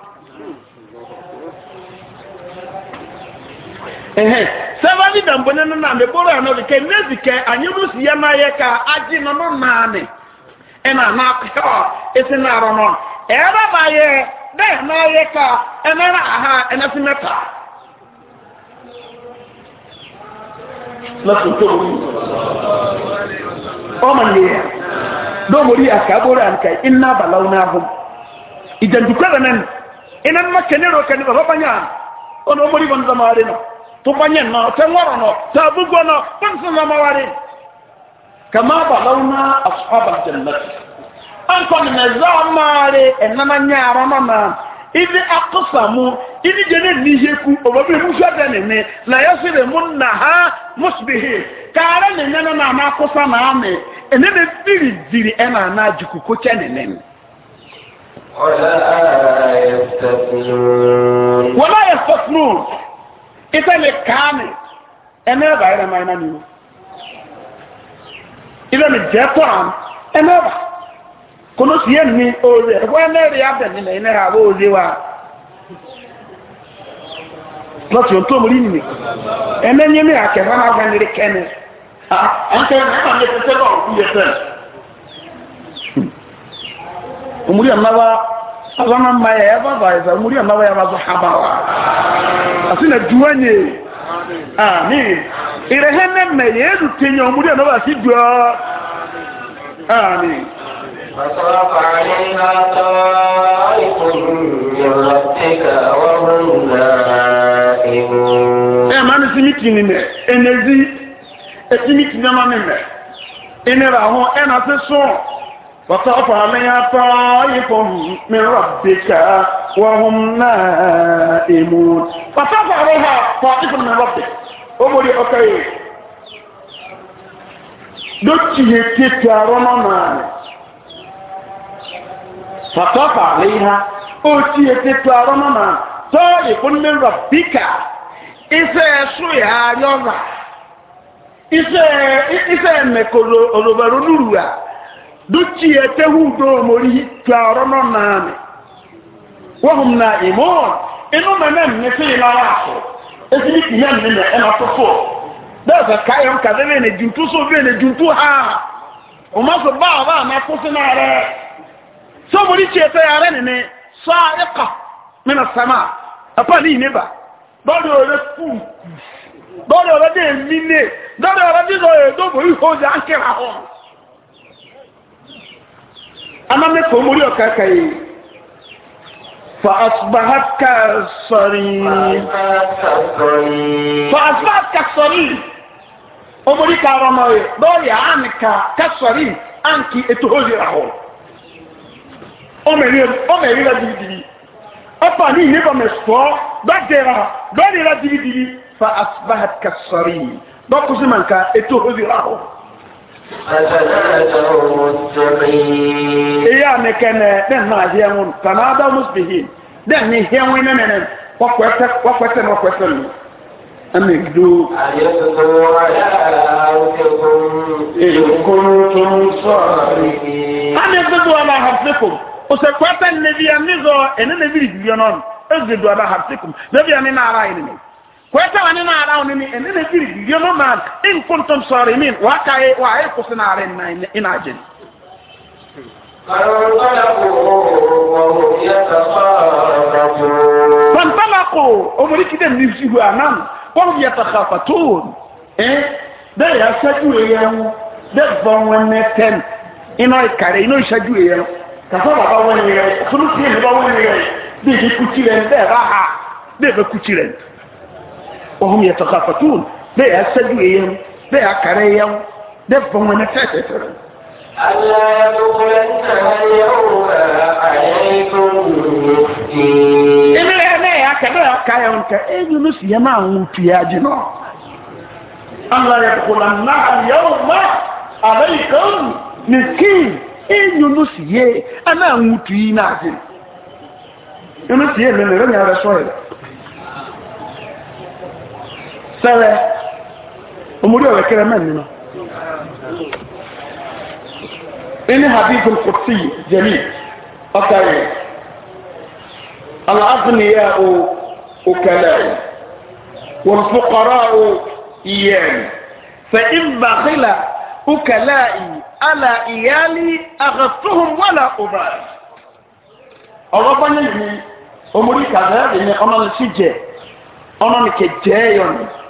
sɛba bi da mbɔnɛ no nam ebolo ano de kɛ nezi kɛ ka agye no no naani ɛna esi no ɛyɛba dɛ ka na aha ɛnɛ si mɛ pa. lọ́sùn tó wù mí ɔmɔ dɔw mo di aka abolo anka ina balawu n'ahom ìjẹ̀dùkọ́ bẹ̀ tumanyen na ta ngoro no ta bugo no ban sun ma wari kama balawna ashabal jannati an kon na zamare enana nyara mama ibi aqsamu ibi jene ni heku bi musa dane ne la yasire na ha musbihi kare ne nana na ana kusa na ame ene be diri diri ena na jiku ko chene ne ولا يستثنون ولا يستثنون ìtẹ́lẹ̀ káàmì ẹmẹ́ẹ̀bà ẹ̀rẹ̀ máa iná nínú ilẹ̀ mi jẹ́ pọ̀ àmì ba. kono ló sì yé mi oore ẹ̀kọ́ ẹmẹ́rẹ̀ abẹ̀ nílẹ̀ iná ra owó oore wa lọ́tí ohun tó mú rí nìyí ẹmẹ́ ní mi àkẹ́fà máa gbẹ́ nílé kẹ́ni azana mmaya ya baba ya muri ya mabaya mazohaba wa asina duanye amin irehene me yedu tenyo muri ya naba sidwa amin فطاف عليها طائف من ربك وهم نائمون. يا مان سميتي نمى انرجي سميتي نمى نمى انرى هو انا في الصوم وسوف من طائف من ربك وهم نائمون فسوف عليها طائف من ربك أمري أوكي دوتشي كيتا رمانا فسوف عليها أوتشي كيتا رمانا طائف من ربك إذا سويها يوما إذا إذا مكولو أولو برو duchi etehu udo mori tuaro no nane wahum na imon inu mene mne fi ila yako esi ni kiyan mene ena sofo daga kayan ka bebe ne juntu so bebe ne juntu ha o ma so ba ba na ko se na re so mori che ya yare ne ne sa'iqa min as-sama apa ni ne ba dodo re fu dodo re de mine dodo re de so e do bo iho ja akira ho ama mẹ́fà omori ọ̀ka kàyé fa asubahat ka sọrí fa asubahat ka sọrí omori ka rọmọ yẹ lọ́ọ̀rì àánì ka ka sọrí àǹkì ètò òye rà hó ọmọ ẹ̀rí rẹ dìbìdìbì ọ̀pọ̀ àní ìníbọ̀ mẹ́sọ̀ lọ́dẹ̀ra lọ́ọ̀rì rẹ dìbìdìbì fa asubahat ka sọrí lọ́kùsí mànká ètò òye rà hó eya ne kɛnɛ ne na hiɛ ŋun tana da musbihi ne ni hiɛ ŋun ne nɛnɛ wakɔɛtɛ wakɔɛtɛ ne wakɔɛtɛ nu ɛmɛ do. ani dodo ala hafsekum ose kɔɛtɛ nevi ya nizɔ ɛne nevi di yɔnɔ ɛzɛ do ala hafsekum nevi ya ni na ara yi ne. kweta wani na ara onini ni ene ne biri biyo no man in kuntum sarimin e, wa kai wa ai kusi na ara ina ina jin fantalako omori kide ni sihu anam kom yatakhafatun eh da ya shaju eyan da von wenne ten ina ikare e ina e shaju eyan ka fa baba wenne sunu ti baba ya. de kuchire nda ha de kuchire nda وهم يتخافتون بيع السجويهم بيع كريهم دفهم ونفاتهم ألا تخلنها اليوم عليكم مسكين إذا أنا يا كذا كايون كأي نس يما وفي أجنا ألا يدخلنها اليوم عليكم مسكين إيه يونس يه أنا وفي نازل يونس يه من رمي على شوية sẹ́rẹ̀ omori ọ̀rẹ́ kẹrẹ mẹ́rin nínú inú hadith kùtì jẹ̀mí ọ̀kà yìí aláàfínìyà o òkèlè o wọn fọkọrọ o iyẹ mi fẹ ìbàkìlà òkèlè yìí ala ìyáálí àkàtúhùn wàlà ọba ọ̀rọ̀ bá yẹn yìí omori kàdé ẹ̀rẹ̀ ni ọ̀nà ní sí jẹ ọ̀nà ní kẹ jẹ́ yọ̀nù.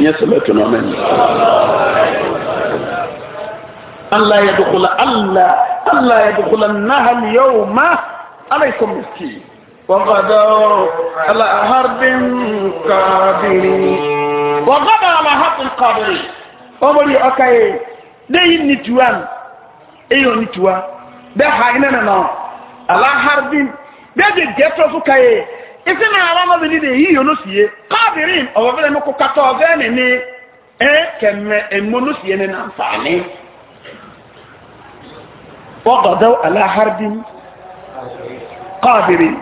ìyẹn sọlá tó náà mẹ́rin. Allah ya dukula Allah Allah ya dukula nahal yau ma alaikum miski. وغدوا على حرب قادرين وغدوا على حرب قادرين ọmọdé ọkà yẹ lẹyìn nìtúwa ẹyọ nìtúwa bẹẹ ha iná nana alaharbin bẹẹ de jẹ tọfù kà yẹ isi na ara ma bidi de yi yo no sie kabirin o bele mo ko kato o be ni e kemme e mo no sie ne na nfani wa qadaw ala harbin qabirin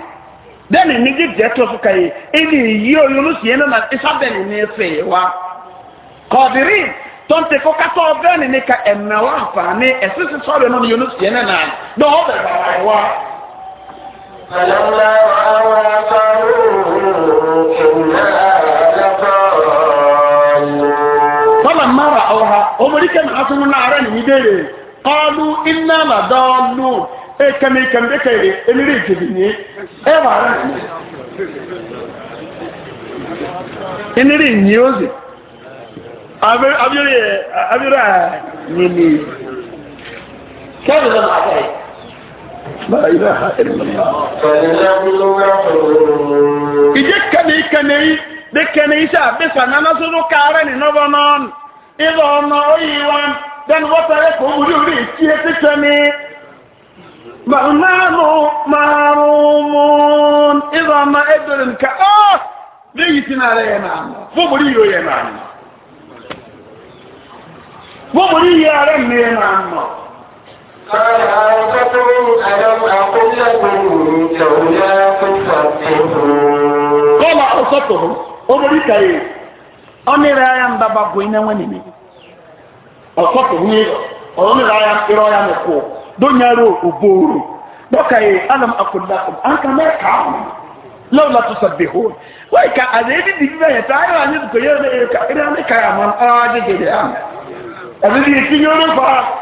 den ni ji je to so kai ini yi yo no sie ne na isa ni ne ne fe wa qabirin ton te ko kato o ni ka emma wa nfani esisi so be no yo no sie ne na do o wa omorike na asunu na ara ni ibere qalu inna la dallu e kame kan be kai emiri jibi ni e wa ara ni emiri ni ozi abi abi eh, abi ra eh, ni ni kabe na ma La ilaha illallah. Ije kene kene de kene isa besa nana suru kare ni nobo non. Ibo no oyiwan den wotare ko uri uri tie tetani. Mahmamu mahrumun ibo ma edrin ka ah de yitina re na. Fo muri yo ye na. Fo muri ya re me na. قال أنفسهم ألم أقل لكم لولاكم فاتقون قال أنفسهم أولئك أمر أيام بابا بوينا ونمي أنفسهم أمر أيام إرايام أخوه دنيا رو أبورو bọ́kà yìí alam akọ̀dàkọ̀ anka mẹ́ka ahùn lọ́wọ́ látọ̀ sàbẹ̀hó wọ́n ìka àdé ní bíbí bẹ́ẹ̀ tá ayé wà ní ìdíkọ̀ yẹ́ ẹ̀ka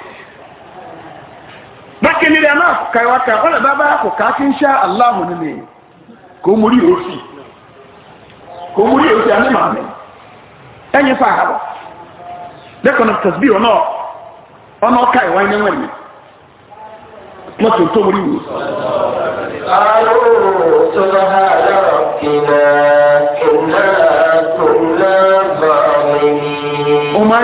akini rẹ náà kàyọ wákà ọ̀nà bàbá kò káàkiri ń ṣe aláhùn nílé kò mú rí òsì kò mú rí òsì àní màmí ẹ̀yin fa àbọ̀ lẹ́kọ̀ọ́ náà tẹ̀sí bí ọ̀nà ọ̀nà ọ̀ka ìwà ẹni wọ̀nyí mi tó mú rí òsì. àlọ́ tó bá ha yára kìnnà kìnnà tó ná bàmí. ọmọ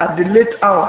at the late hour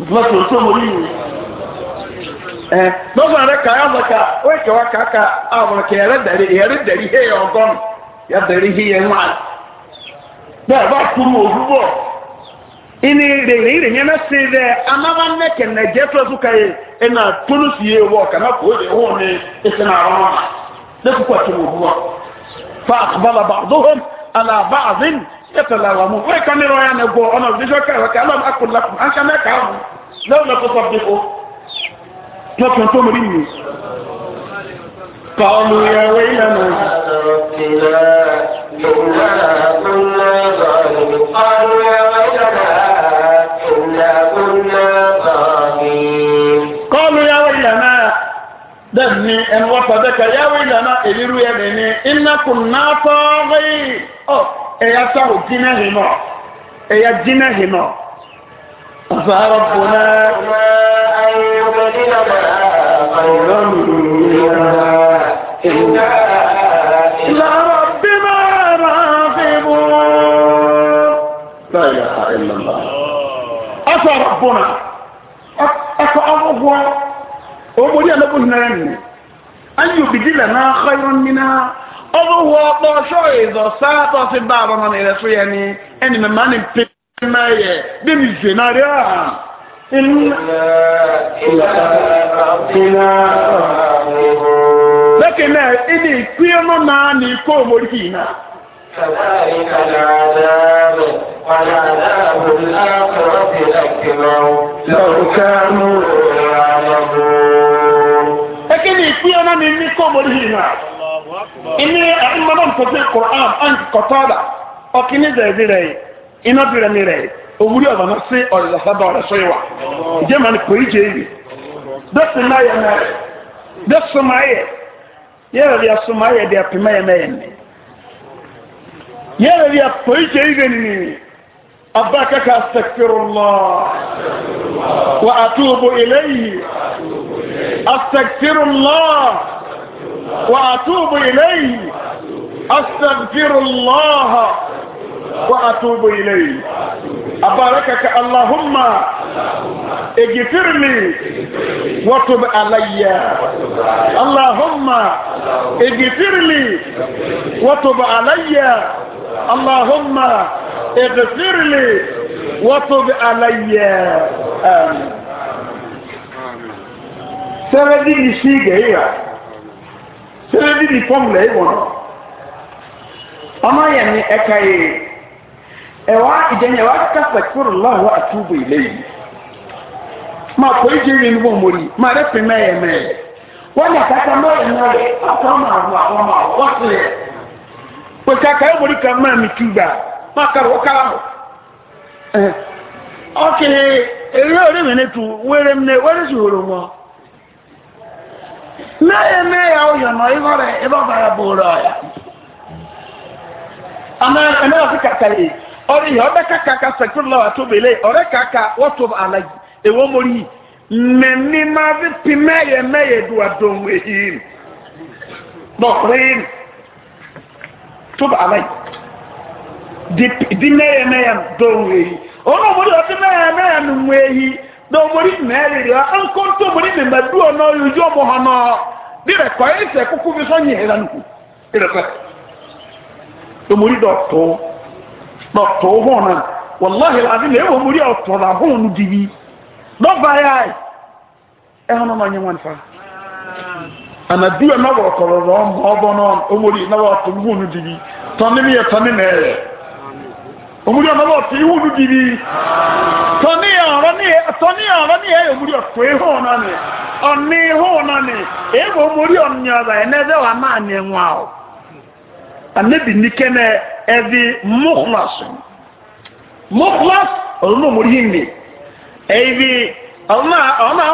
ntoma tó ntoma mo yìí ẹ n'ofe rẹ ka ya mọ ka o kẹ wa ka ka a mọ ka yẹrẹ dari yẹrẹ dari he yẹ ọgọnu yẹ dari he yẹ nwa bẹẹ bá kuru òdu bọ ini rere ire nyɛ n'ase dɛ anaba ne kɛnɛ gye fɛ so ka ye ɛna tolo si ye wɔ kana k'o de ho ne esi na arɔ ma ne ko kɔ tɛmɛ o bu wa fa akubala ba do hom ala يتلاومون ويكون رواية نبوة أنا بيجوا كذا كلام أقول لكم أنت ما كلام لو لا تصدقوا ما كنتم ريني قالوا يا ويلنا قالوا يا ويلنا إنا كنا ظالمين قالوا يا ويلنا دني إن وصدك يا ويلنا إلي رؤيا إنا كنا طاغين اي اثر الدين هما اي الدين هما فربنا ان يبدلنا خير منها انا لربنا راغبون لا اله الا الله اثر ربنا اثر ربنا ومولي انا قلنا منها ọlọ́wọ́ ọ̀pọ̀ ṣọ́ọ̀ ìzọ̀ sáàtọ̀ sí bá àbọ̀mọ́ ní na fún yẹn ni ẹni mẹ́ma ní pépé mẹ́yẹ bí mi ṣe náà rí Bẹ́ẹ̀kì náà ibi ìpí ọmọ náà na kó mórí kì í na كذلك العذاب والعذاب الآخرة أكبر لو ya يعلمون. لكن ini amama mpɔtɛ koran anti kɔtɔɔda ɔkini zɛɛdi rɛ iná bi rɛ mi rɛ owurri ɔba na se ɔrɛlasa ba ɔrɛ sɔyi wa jɛma ni koyi jɛ yi dɛsi ma yɛ mɛ dɛsi ma yɛ yɛrɛ bi aso ma yɛ bi apima وأتوب إليه أستغفر الله وأتوب إليه أباركك اللهم اغفر لي وتب علي اللهم اغفر لي وتب علي اللهم اغفر لي وتب علي آمين سنة دي الشيء sẹ́lẹ̀ bí bí fọ́ọ̀mù lẹ́yìn wọn. ọmọ yẹn ni ẹ̀ka yìí ẹ̀wá ìjẹyìn ẹ̀wá kíkà pẹ̀tùrù lọ́wọ́ àtúbù ilé yi máa kọ́ ìjẹ́ yìí ma bọ́ọ̀mù rí máa rẹ́ pè mẹ́yẹ mẹ́yẹ. wọ́n ní àkàtà mẹ́yẹ náà rẹ̀ ọ̀tọ̀ máa wọ àwọn máa wọ́n ti rẹ̀. pèsè àkàyè mọ̀rí kan máa mi tú gbà máa kàrọ̀ ó kàrà mọ̀. ọ̀kẹ́ eré orí mi ni tu wéré mi ni wéré sì wòrò mọ́. na-eme ya ụyọ nọ ịghọrọ ebe ọbara bụrụ ọya anaghị kaka ya ọrụ ihe ọbịa kaka ka sekụla atụbele ọrịa kaka wọtụbụ ala mmadụ pi mmemme maazị pimeye meye duwado nwehi nọkụrịn tụbụ ala di meye meye do nwehi ọnụ obodo ọdị meye meye nwehi na omori mmeeriri ha duo na oyoju ọmụ ha nọ dịrị kọ ese kuku bi omori dọtụ dọtụ na wallahi ladị na ewe omori ọtụ na nụ dị dọba ya ana duo na na ọmụ ọbọ na omori na ọtụ nụ dị tọnị mi tọnị na ẹyẹ omori ọbọ ọtụ ihu nụ dị tọ́ní ọ̀rọ̀ ní ẹ̀yọ̀ múrí ọ̀tọ̀ ihun náà ni ọ̀ní ihun náà ni èèbò múrí ọ̀ní ọ̀rọ̀ ẹ̀ náà ẹ̀dẹ́wà máa ní ẹ̀wọ̀n àwọ̀ ànábì níkẹ́ náà ẹ̀dí mọ́kúlás mọ́kúlás ọ̀rọ̀ náà múrí yìí ẹ̀yẹ́dì ọ̀nà ọ̀nà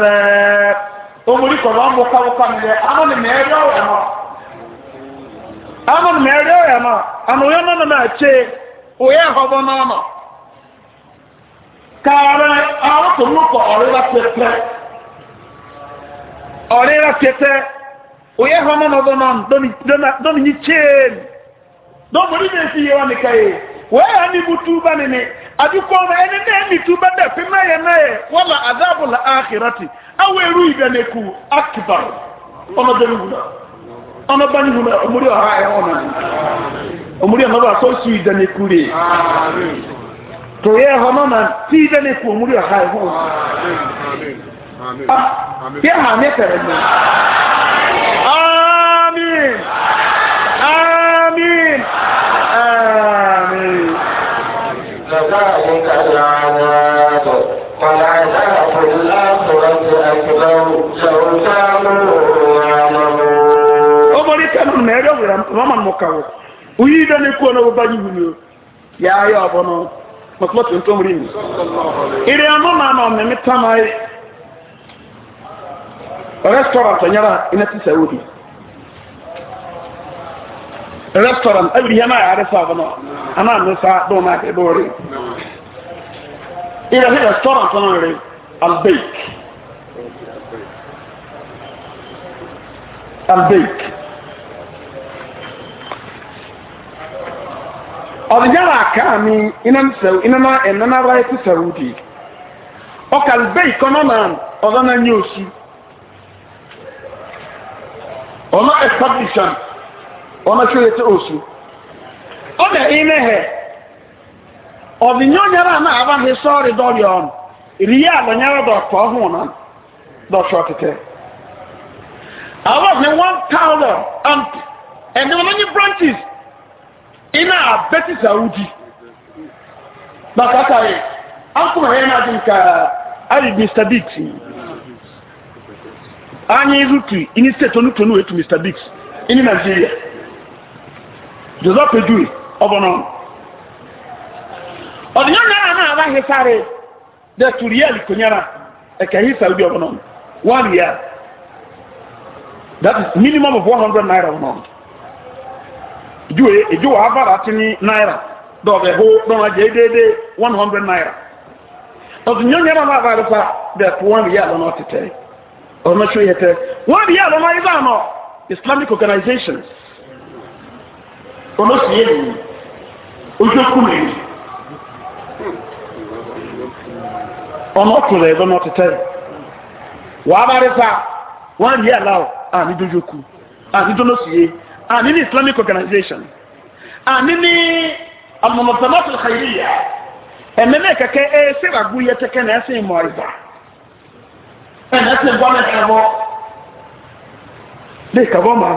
múrí wà omuli kɔba mboka boka mi dɛ ama ne mɛɛrɛ o yɛma ama ne mɛɛrɛ o yɛma ama oyɛ nana na akye oyɛ hɔbɔ n'ama kaara awo to mu kɔ ɔrera pɛpɛ ɔrera pɛpɛ oyɛ hɔbɔ n'ɔbɔ n'ama dɔnni dɔnni dɔnni nyi kyeen dɔnni bɛ fi yɛ wa ne ka ye. waya ne fima ya naye wala adhabu la akhirati awe ruida ne ku akbar ona de ngula ona bani ngula omuri ha ya ona ah, omuri ha ba so si da ne kure amen to ye ha mama si da ne ku omuri ha ya ona ha ne العذاب كالعذاب والعذاب الآخرة أكبر لو كانوا يعلمون أمري كانوا نيرو رمان مكاو ويدا نكون أبو بني يا يا أبونا mọ̀tọ́mọ̀tọ́ tó ń rí mi. ìrìn àmọ́ máa ma ọ̀mẹ̀mí tá máa rẹ̀ rẹ́sítọ́rọ̀tì ọ̀nyára iná ti sẹ́wọ́ bíi restaurant every hema ya de sabu no ana no sa do na ke do re ira he restaurant no re al bake al bake ọdịnyala ka mi inam sew inama enana right saudi ọka al bake ọnọ na ọdọ na nye osi ọnọ establishment ọmọ tí ó yẹ tí ó su ọdẹ ime hẹ ọdịnye onyere na abaghị sọrị dọrịa ọnụ rie alọnyere dọkta ọhụụ na dọkta ọtịtị awọdị one thousand and ẹni wọn nye branches ina abeti saudi bàtà kàwé akụrụ ya na dị ka ari mr biggs anyị rutu ini steeti onutonu etu mr biggs ini nigeria jòzọ́ pẹ̀jú ọbọ̀nà ọ̀dìyàn náà náà bá hìsáré dẹ̀ tùrìyàlì kònyára ẹ̀kẹ́ hìsáré bí ọbọ̀nà one year that is minimum of one hundred naira ọbọ̀nà ìjú ìjú wà bára naira, ní náírà dọ̀bẹ̀ hó dọ̀nà jẹ́ déédéé one hundred naira ọ̀dìyàn náà náà bá hìsá dẹ̀ tó one year lọ́nà ọ̀tẹ̀tẹ̀ ọ̀nà ṣó yẹtẹ̀ one year lọ́nà ibà náà islamic organizations olóṣèlú yẹn ojú kùnú yìí ọ̀nà ọ̀tún rẹ̀ lọ́nà ọ̀tẹ̀tẹ̀ rẹ̀ wàá bá rí fa wọ́n rí aláwọ̀ àní dojú kù àní dolóṣèlú àní ní islamic organization àní ní amọ̀nàfẹ́lọ́sì xayiriya ẹ̀mí náà kẹ̀kẹ́ ẹ̀ ṣé wàá gún yẹ tẹ́kẹ́ náà ẹ̀sìn mọ̀ ẹ̀gbà ẹ̀ náà ẹ̀sìn bọ́ mẹ́ta bọ́ lè kàbọ̀ mọ́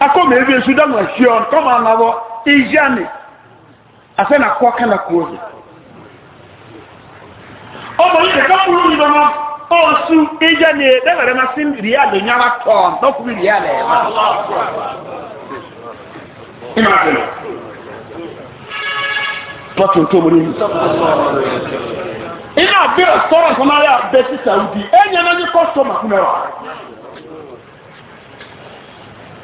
akɔma ebi esu dɛ mo ahyia ɔn kɔma anabɔ ehyia ne asɛ na kɔ kana kuro yi ɔmo yi ɛka kuro yi bɛ ma ne dɛ wɛrɛ ma sin ria do nyara tɔn n'ofu bi ria lɛ ɛma ɛma tɛlɛ tɔtɔ ntɔmɔ ni mu ina bɛ sɔrɔ nkɔmɔ ayɛ abɛ sisan di ɛnyɛ n'anyi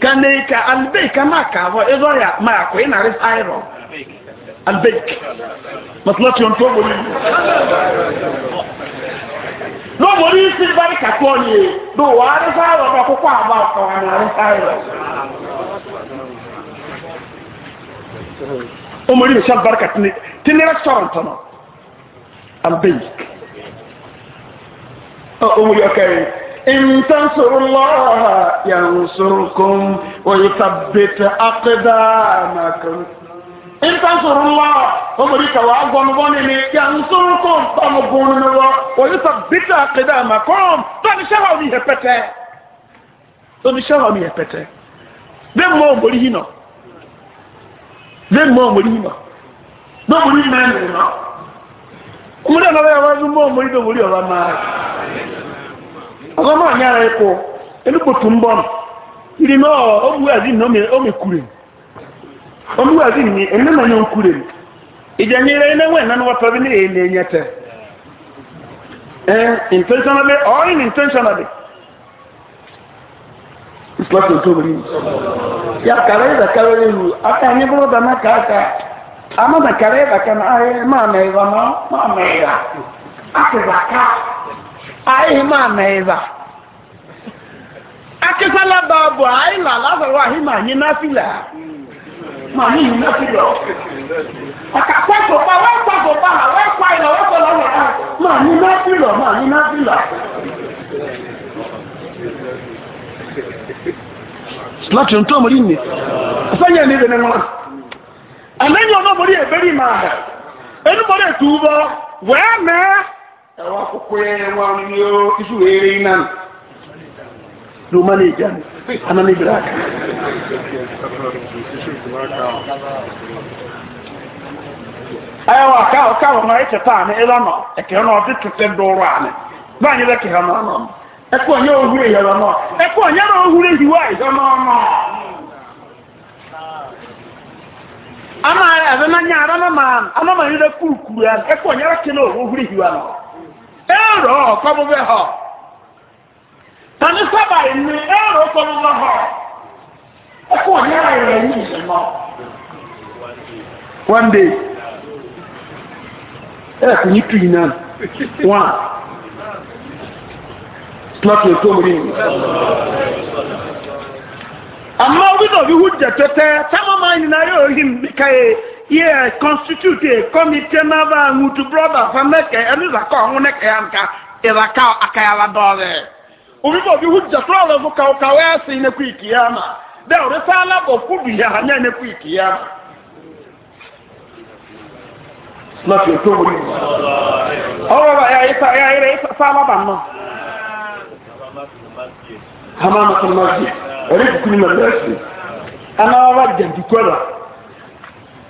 kaneka albeika makavo ezoya mako inaris iron albeik maslati ontobori lobori isi bari kakoni do wa aris iron ba koko aba ko ana aris iron omori misal barka tini tini restaurant no albeik omori okay إن تنصروا الله ينصركم ويثبت أقدامكم إن تنصروا الله فمريكا وأقوم بني ينصركم فمقول نوا ويثبت أقدامكم فنشهوا ميه بتا فنشهوا ميه بتا ذن مو مرينا ذن مو مرينا ذن مرينا مرينا مرينا مرينا مرينا مرينا مرينا مرينا ọgọ́mọ̀ ànyára ikú ẹnukùtù ń bọ́m ìrì na ọmọwúwàzí ní ọmọ ìkúrè na ní ẹnìmọ̀ ní ọkúrè ìjà nyere ẹnẹwọ̀ na ní wọ́tọ́ bí ní na ní tẹ ẹ intentionally or unintentionally islam tó tóbi yà kàrẹ́ ìdà kàrẹ́ ìlú aka ẹni aka dáná kàákà àmọ́ ayi ma mẹ́ẹ̀bà akíkọ́lá bá bọ̀ ayi là lásọ̀rọ̀ ayi na fila. náfìlà ma yín yín náfìlà ọ̀kà pẹ́kọ̀ pa wọ́n pẹ́kọ̀ pa hà wọ́n pa ìlà wọ́n pẹ́ lọ́wọ́ ha ma yín náfìlà ma yín náfìlà. láti ohun tó mọ̀ rí ni sẹ́yìn ẹ̀ ní ìdè nínú wa àlẹ́ yìí ọmọ mọ̀ rí ẹ̀bẹ́rì máa ẹnu mọ̀ rí ètò wọ́ wẹ́ẹ́ mẹ́ẹ́. ẹwà kókó yẹn wà ní o isu eré iná nù ló má lè jà ana ní ibìrà ẹwà káwọ káwọ náà ẹ tẹta àná ẹ lánà ẹkẹ náà ọdún tẹtẹ dọrọ àná báyìí lẹkẹ hàn náà ẹkọ náà ẹkọ náà náà. ama ɛbɛ ama yi kuru ya ɛkɔ hiwa ẹ̀rọ ọ̀kọ́bùbẹ̀ họ tani sábà ní ẹ̀rọ ọ̀kọ́bùbẹ̀ họ ẹ̀kọ́ ọ̀nyára rẹ̀ ní ìṣẹ̀mọ́ one day ẹ̀rọ kò ní tu yìí náà one slọ́tì ètò omi nìyí. àmọ́ wíńdò bí hùjẹ̀ tó sábà máa ń yóò yìn káyé. yeah, constitute a committee maba ngutu brother fa meke eniza ka ọhụrụ neke ya nka ịza ka aka ya la dọọrọ obibi obi hujja tụrụ ọrụ bụ ka ụka wee sị nekwa iki ya ma de ọrụ saala bụ kwudu ya ha nye nekwa iki ya ma láti ètò orí ma bá ya ayẹyẹ sáábà bá mọ́ hamamakamaki ẹ̀rí kùkùrù nà lẹ́sìn anáwó bá jẹ̀dùkọ́lá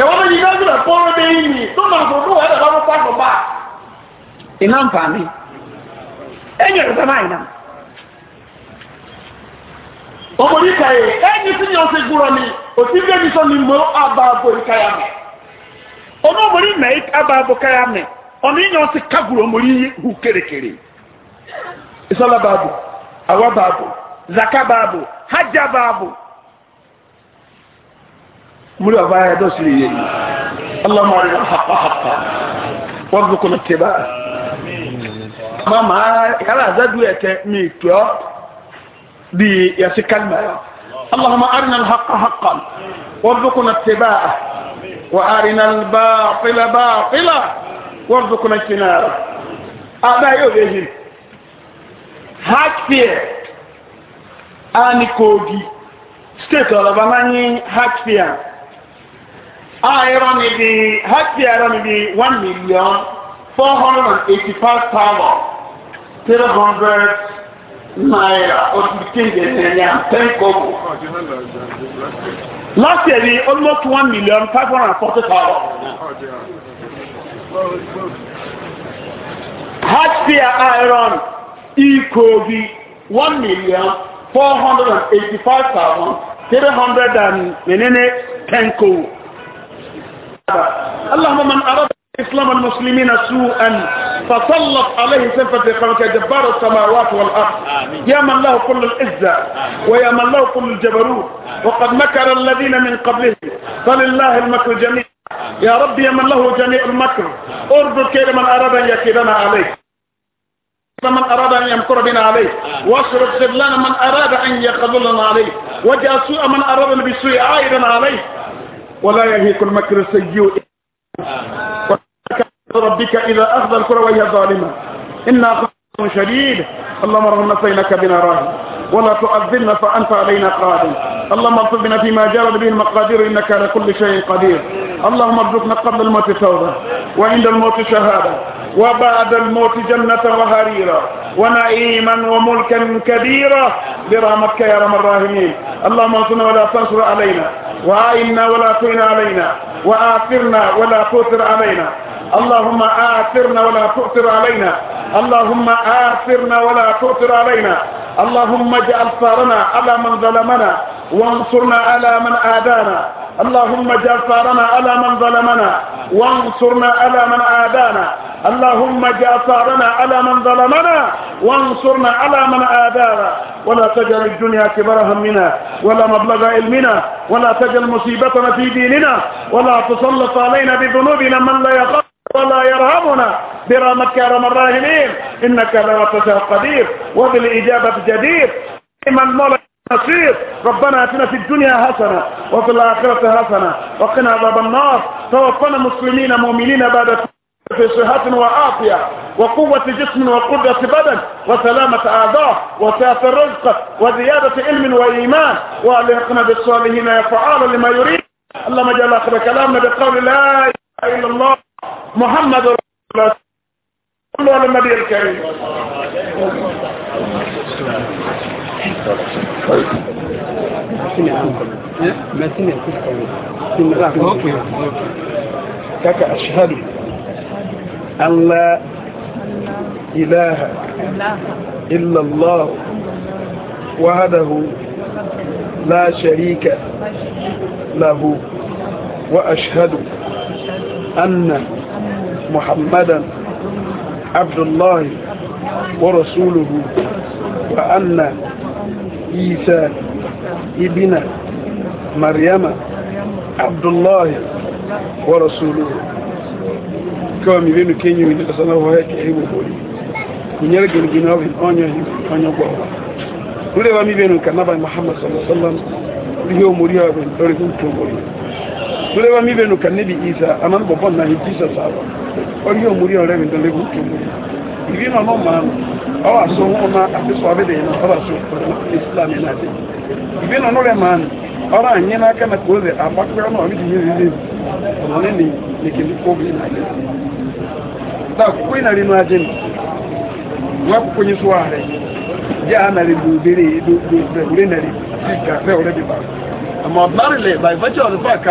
ẹ̀wọ́n méjì náà gbọ́dọ̀ kọ́rọ́ dé yìí tó máa fò fún ẹ̀dá lọ́wọ́ pàṣọ bá. ìná nfààní ẹ̀yìn ẹ̀rọ sẹ́nà àyìnà. ọmọ ní kàyé ẹ̀yìn tí yóò ṣe gbúrọ̀ ni òtí bí ẹni sọ ni mo àbá ìkáyà mi. ọmọ ọmọ ní mẹ́ káyà ọmọ kágùrù hù ìsọlá bàbò bàbò zaka bàbò hajj muri wa baya da su yi Allah ma rina haƙa haƙa wadda kuna ke ba ma ma yara za duya ta mi tuyo di ya si kalma ya Allah ma arina haƙa haƙa wadda kuna ke ba wa arina baƙila baƙila wadda kuna kinara a da yau da yi haƙfiye a ni kogi state ọ̀rọ̀ máa ń yí haƙfiye a ẹran ni bi hati ẹran bi one million four hundred and eighty-five thousand three hundred naira oṣù kéde ten kobo last year ni almost one million five hundred and forty thousand hati ẹran ikobi one million four hundred and eighty-five thousand three hundred and ten kobo. اللهم من أراد إسلام المسلمين سوءا فسلط عليه سلفة قومك جبار السماوات والأرض يا من له كل العزة ويا من له كل الجبروت وقد مكر الذين من قبلهم فلله المكر جميعا يا رب يا من له جميع المكر اربط كيد من أراد أن يكيدنا عليه من أراد أن يمكر بنا عليه واصرف خذلان من أراد أن يخذلنا عليه واجعل سوء من أراد بالسوء عائدا عليه ولا يهيك المكر السيء ربك إذا أخذ الكرة وهي ظالمة إنا أخذ شديد اللهم ارحمنا فإنك بنا راهب ولا تؤذلنا فأنت علينا قادم اللهم اغفر بنا فيما جرى به المقادير إنك على كل شيء قدير اللهم ارزقنا قبل الموت توبة وعند الموت شهادة وبعد الموت جنة وهريرا ونعيما وملكا كبيرا برحمتك يا رب الراحمين اللهم انصرنا ولا تنصر علينا وعائنا ولا تعين علينا وآثرنا ولا تؤثر علينا اللهم آثرنا ولا تؤثر علينا اللهم آثرنا ولا تؤثر علينا اللهم اجعل ثارنا على من ظلمنا وانصرنا على من آدانا اللهم اجعل ثارنا على من ظلمنا وانصرنا على من آدانا اللهم جاثارنا على من ظلمنا وانصرنا على من آذانا ولا تجعل الدنيا كبر همنا ولا مبلغ علمنا ولا تجعل مصيبتنا في ديننا ولا تسلط علينا بذنوبنا من لا يخاف ولا يرهمنا برامك يا رب الراحمين انك لا تشاء قدير وبالاجابه جدير من مولى نصير ربنا اتنا في الدنيا حسنه وفي الاخره حسنه وقنا عذاب النار توفنا مسلمين مؤمنين بعد في صحة وعافية وقوة جسم وقدرة بدن وسلامة أعضاء وسعة الرزق وزيادة علم وإيمان وألحقنا بالصالحين يا فعال لما يريد اللهم اجعل آخر كلامنا بقول لا إله إلا الله محمد رسول الله صلى الله على النبي الكريم ما سمع ما سمع كاكا أشهد أن لا إله إلا الله وحده لا شريك له وأشهد أن محمدا عبد الله ورسوله وأن عيسى ابن مريم عبد الله ورسوله ikawa milenu kenyu ni sana waheke ya hibu kuli kunyele gini gini hawi onyo hibu onyo kwa wa ule wa milenu kanaba Muhammad sallallahu alaihi wasallam hiyo muri hawe ndori kumtu muri ule wa milenu kanibi Isa amani bopon na hijisa sawa oli hiyo muri hawe ndori kumtu muri ibi mama mama awa so homa afiso abede na awa so islam ina de ibi no nore man ọ̀rọ̀ àyẹ́ kwa kẹ́mẹ̀kọ́ rẹ̀ àpapẹ́ ọ̀nà orílẹ̀-èdè rẹ̀ ọ̀nà ní ní kìí kó bí i nàìjíríà za ku kwina rinu ajin wa ku kunyi suwa rai ya ana rin dubere dubere na rin sika fẹ́ ọ̀rẹ́ bíbá amma marile by virtue of the fact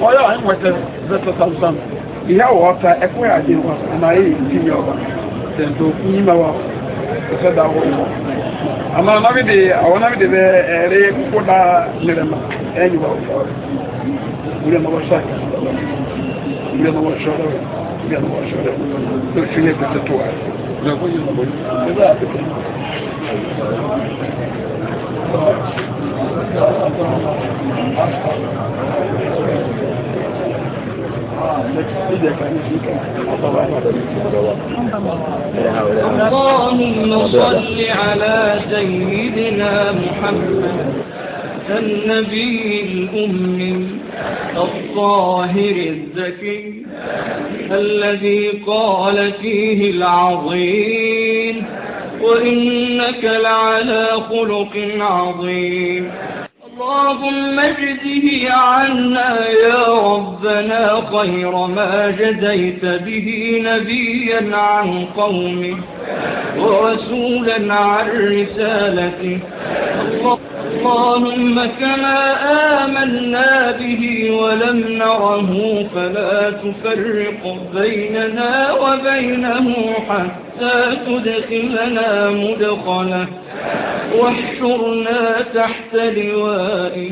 wọ́n yọ àwọn ìwẹ̀tẹ̀ vẹ́tẹ̀ samson ìyá wọ́ ọ̀ta ẹkùn ẹ̀ àjẹ́ wọn àmà èyí tí yọ ọba tẹ̀ntò fún yíma wa ọ̀fẹ́ dá wọ́n de, àmà nábìdì àwọn nábìdì bẹ ẹ̀rẹ́ kókó dá nílẹ̀ mà ẹ̀yìn wà ọ̀fẹ́ rẹ̀ mọ́wọ́ sọ́ọ̀rẹ̀ اللهم صل على سيدنا محمد النبي الأمي الطاهر الزكي الذي قال فيه العظيم وإنك لعلى خلق عظيم اللهم اجده عنا يا ربنا خير ما جزيت به نبيا عن قومه ورسولا عن رسالته اللهم كما آمنا به ولم نره فلا تفرق بيننا وبينه حتى تدخلنا مدخله واحشرنا تحت لوائه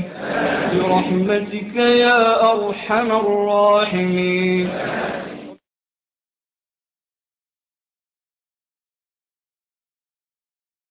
برحمتك يا أرحم الراحمين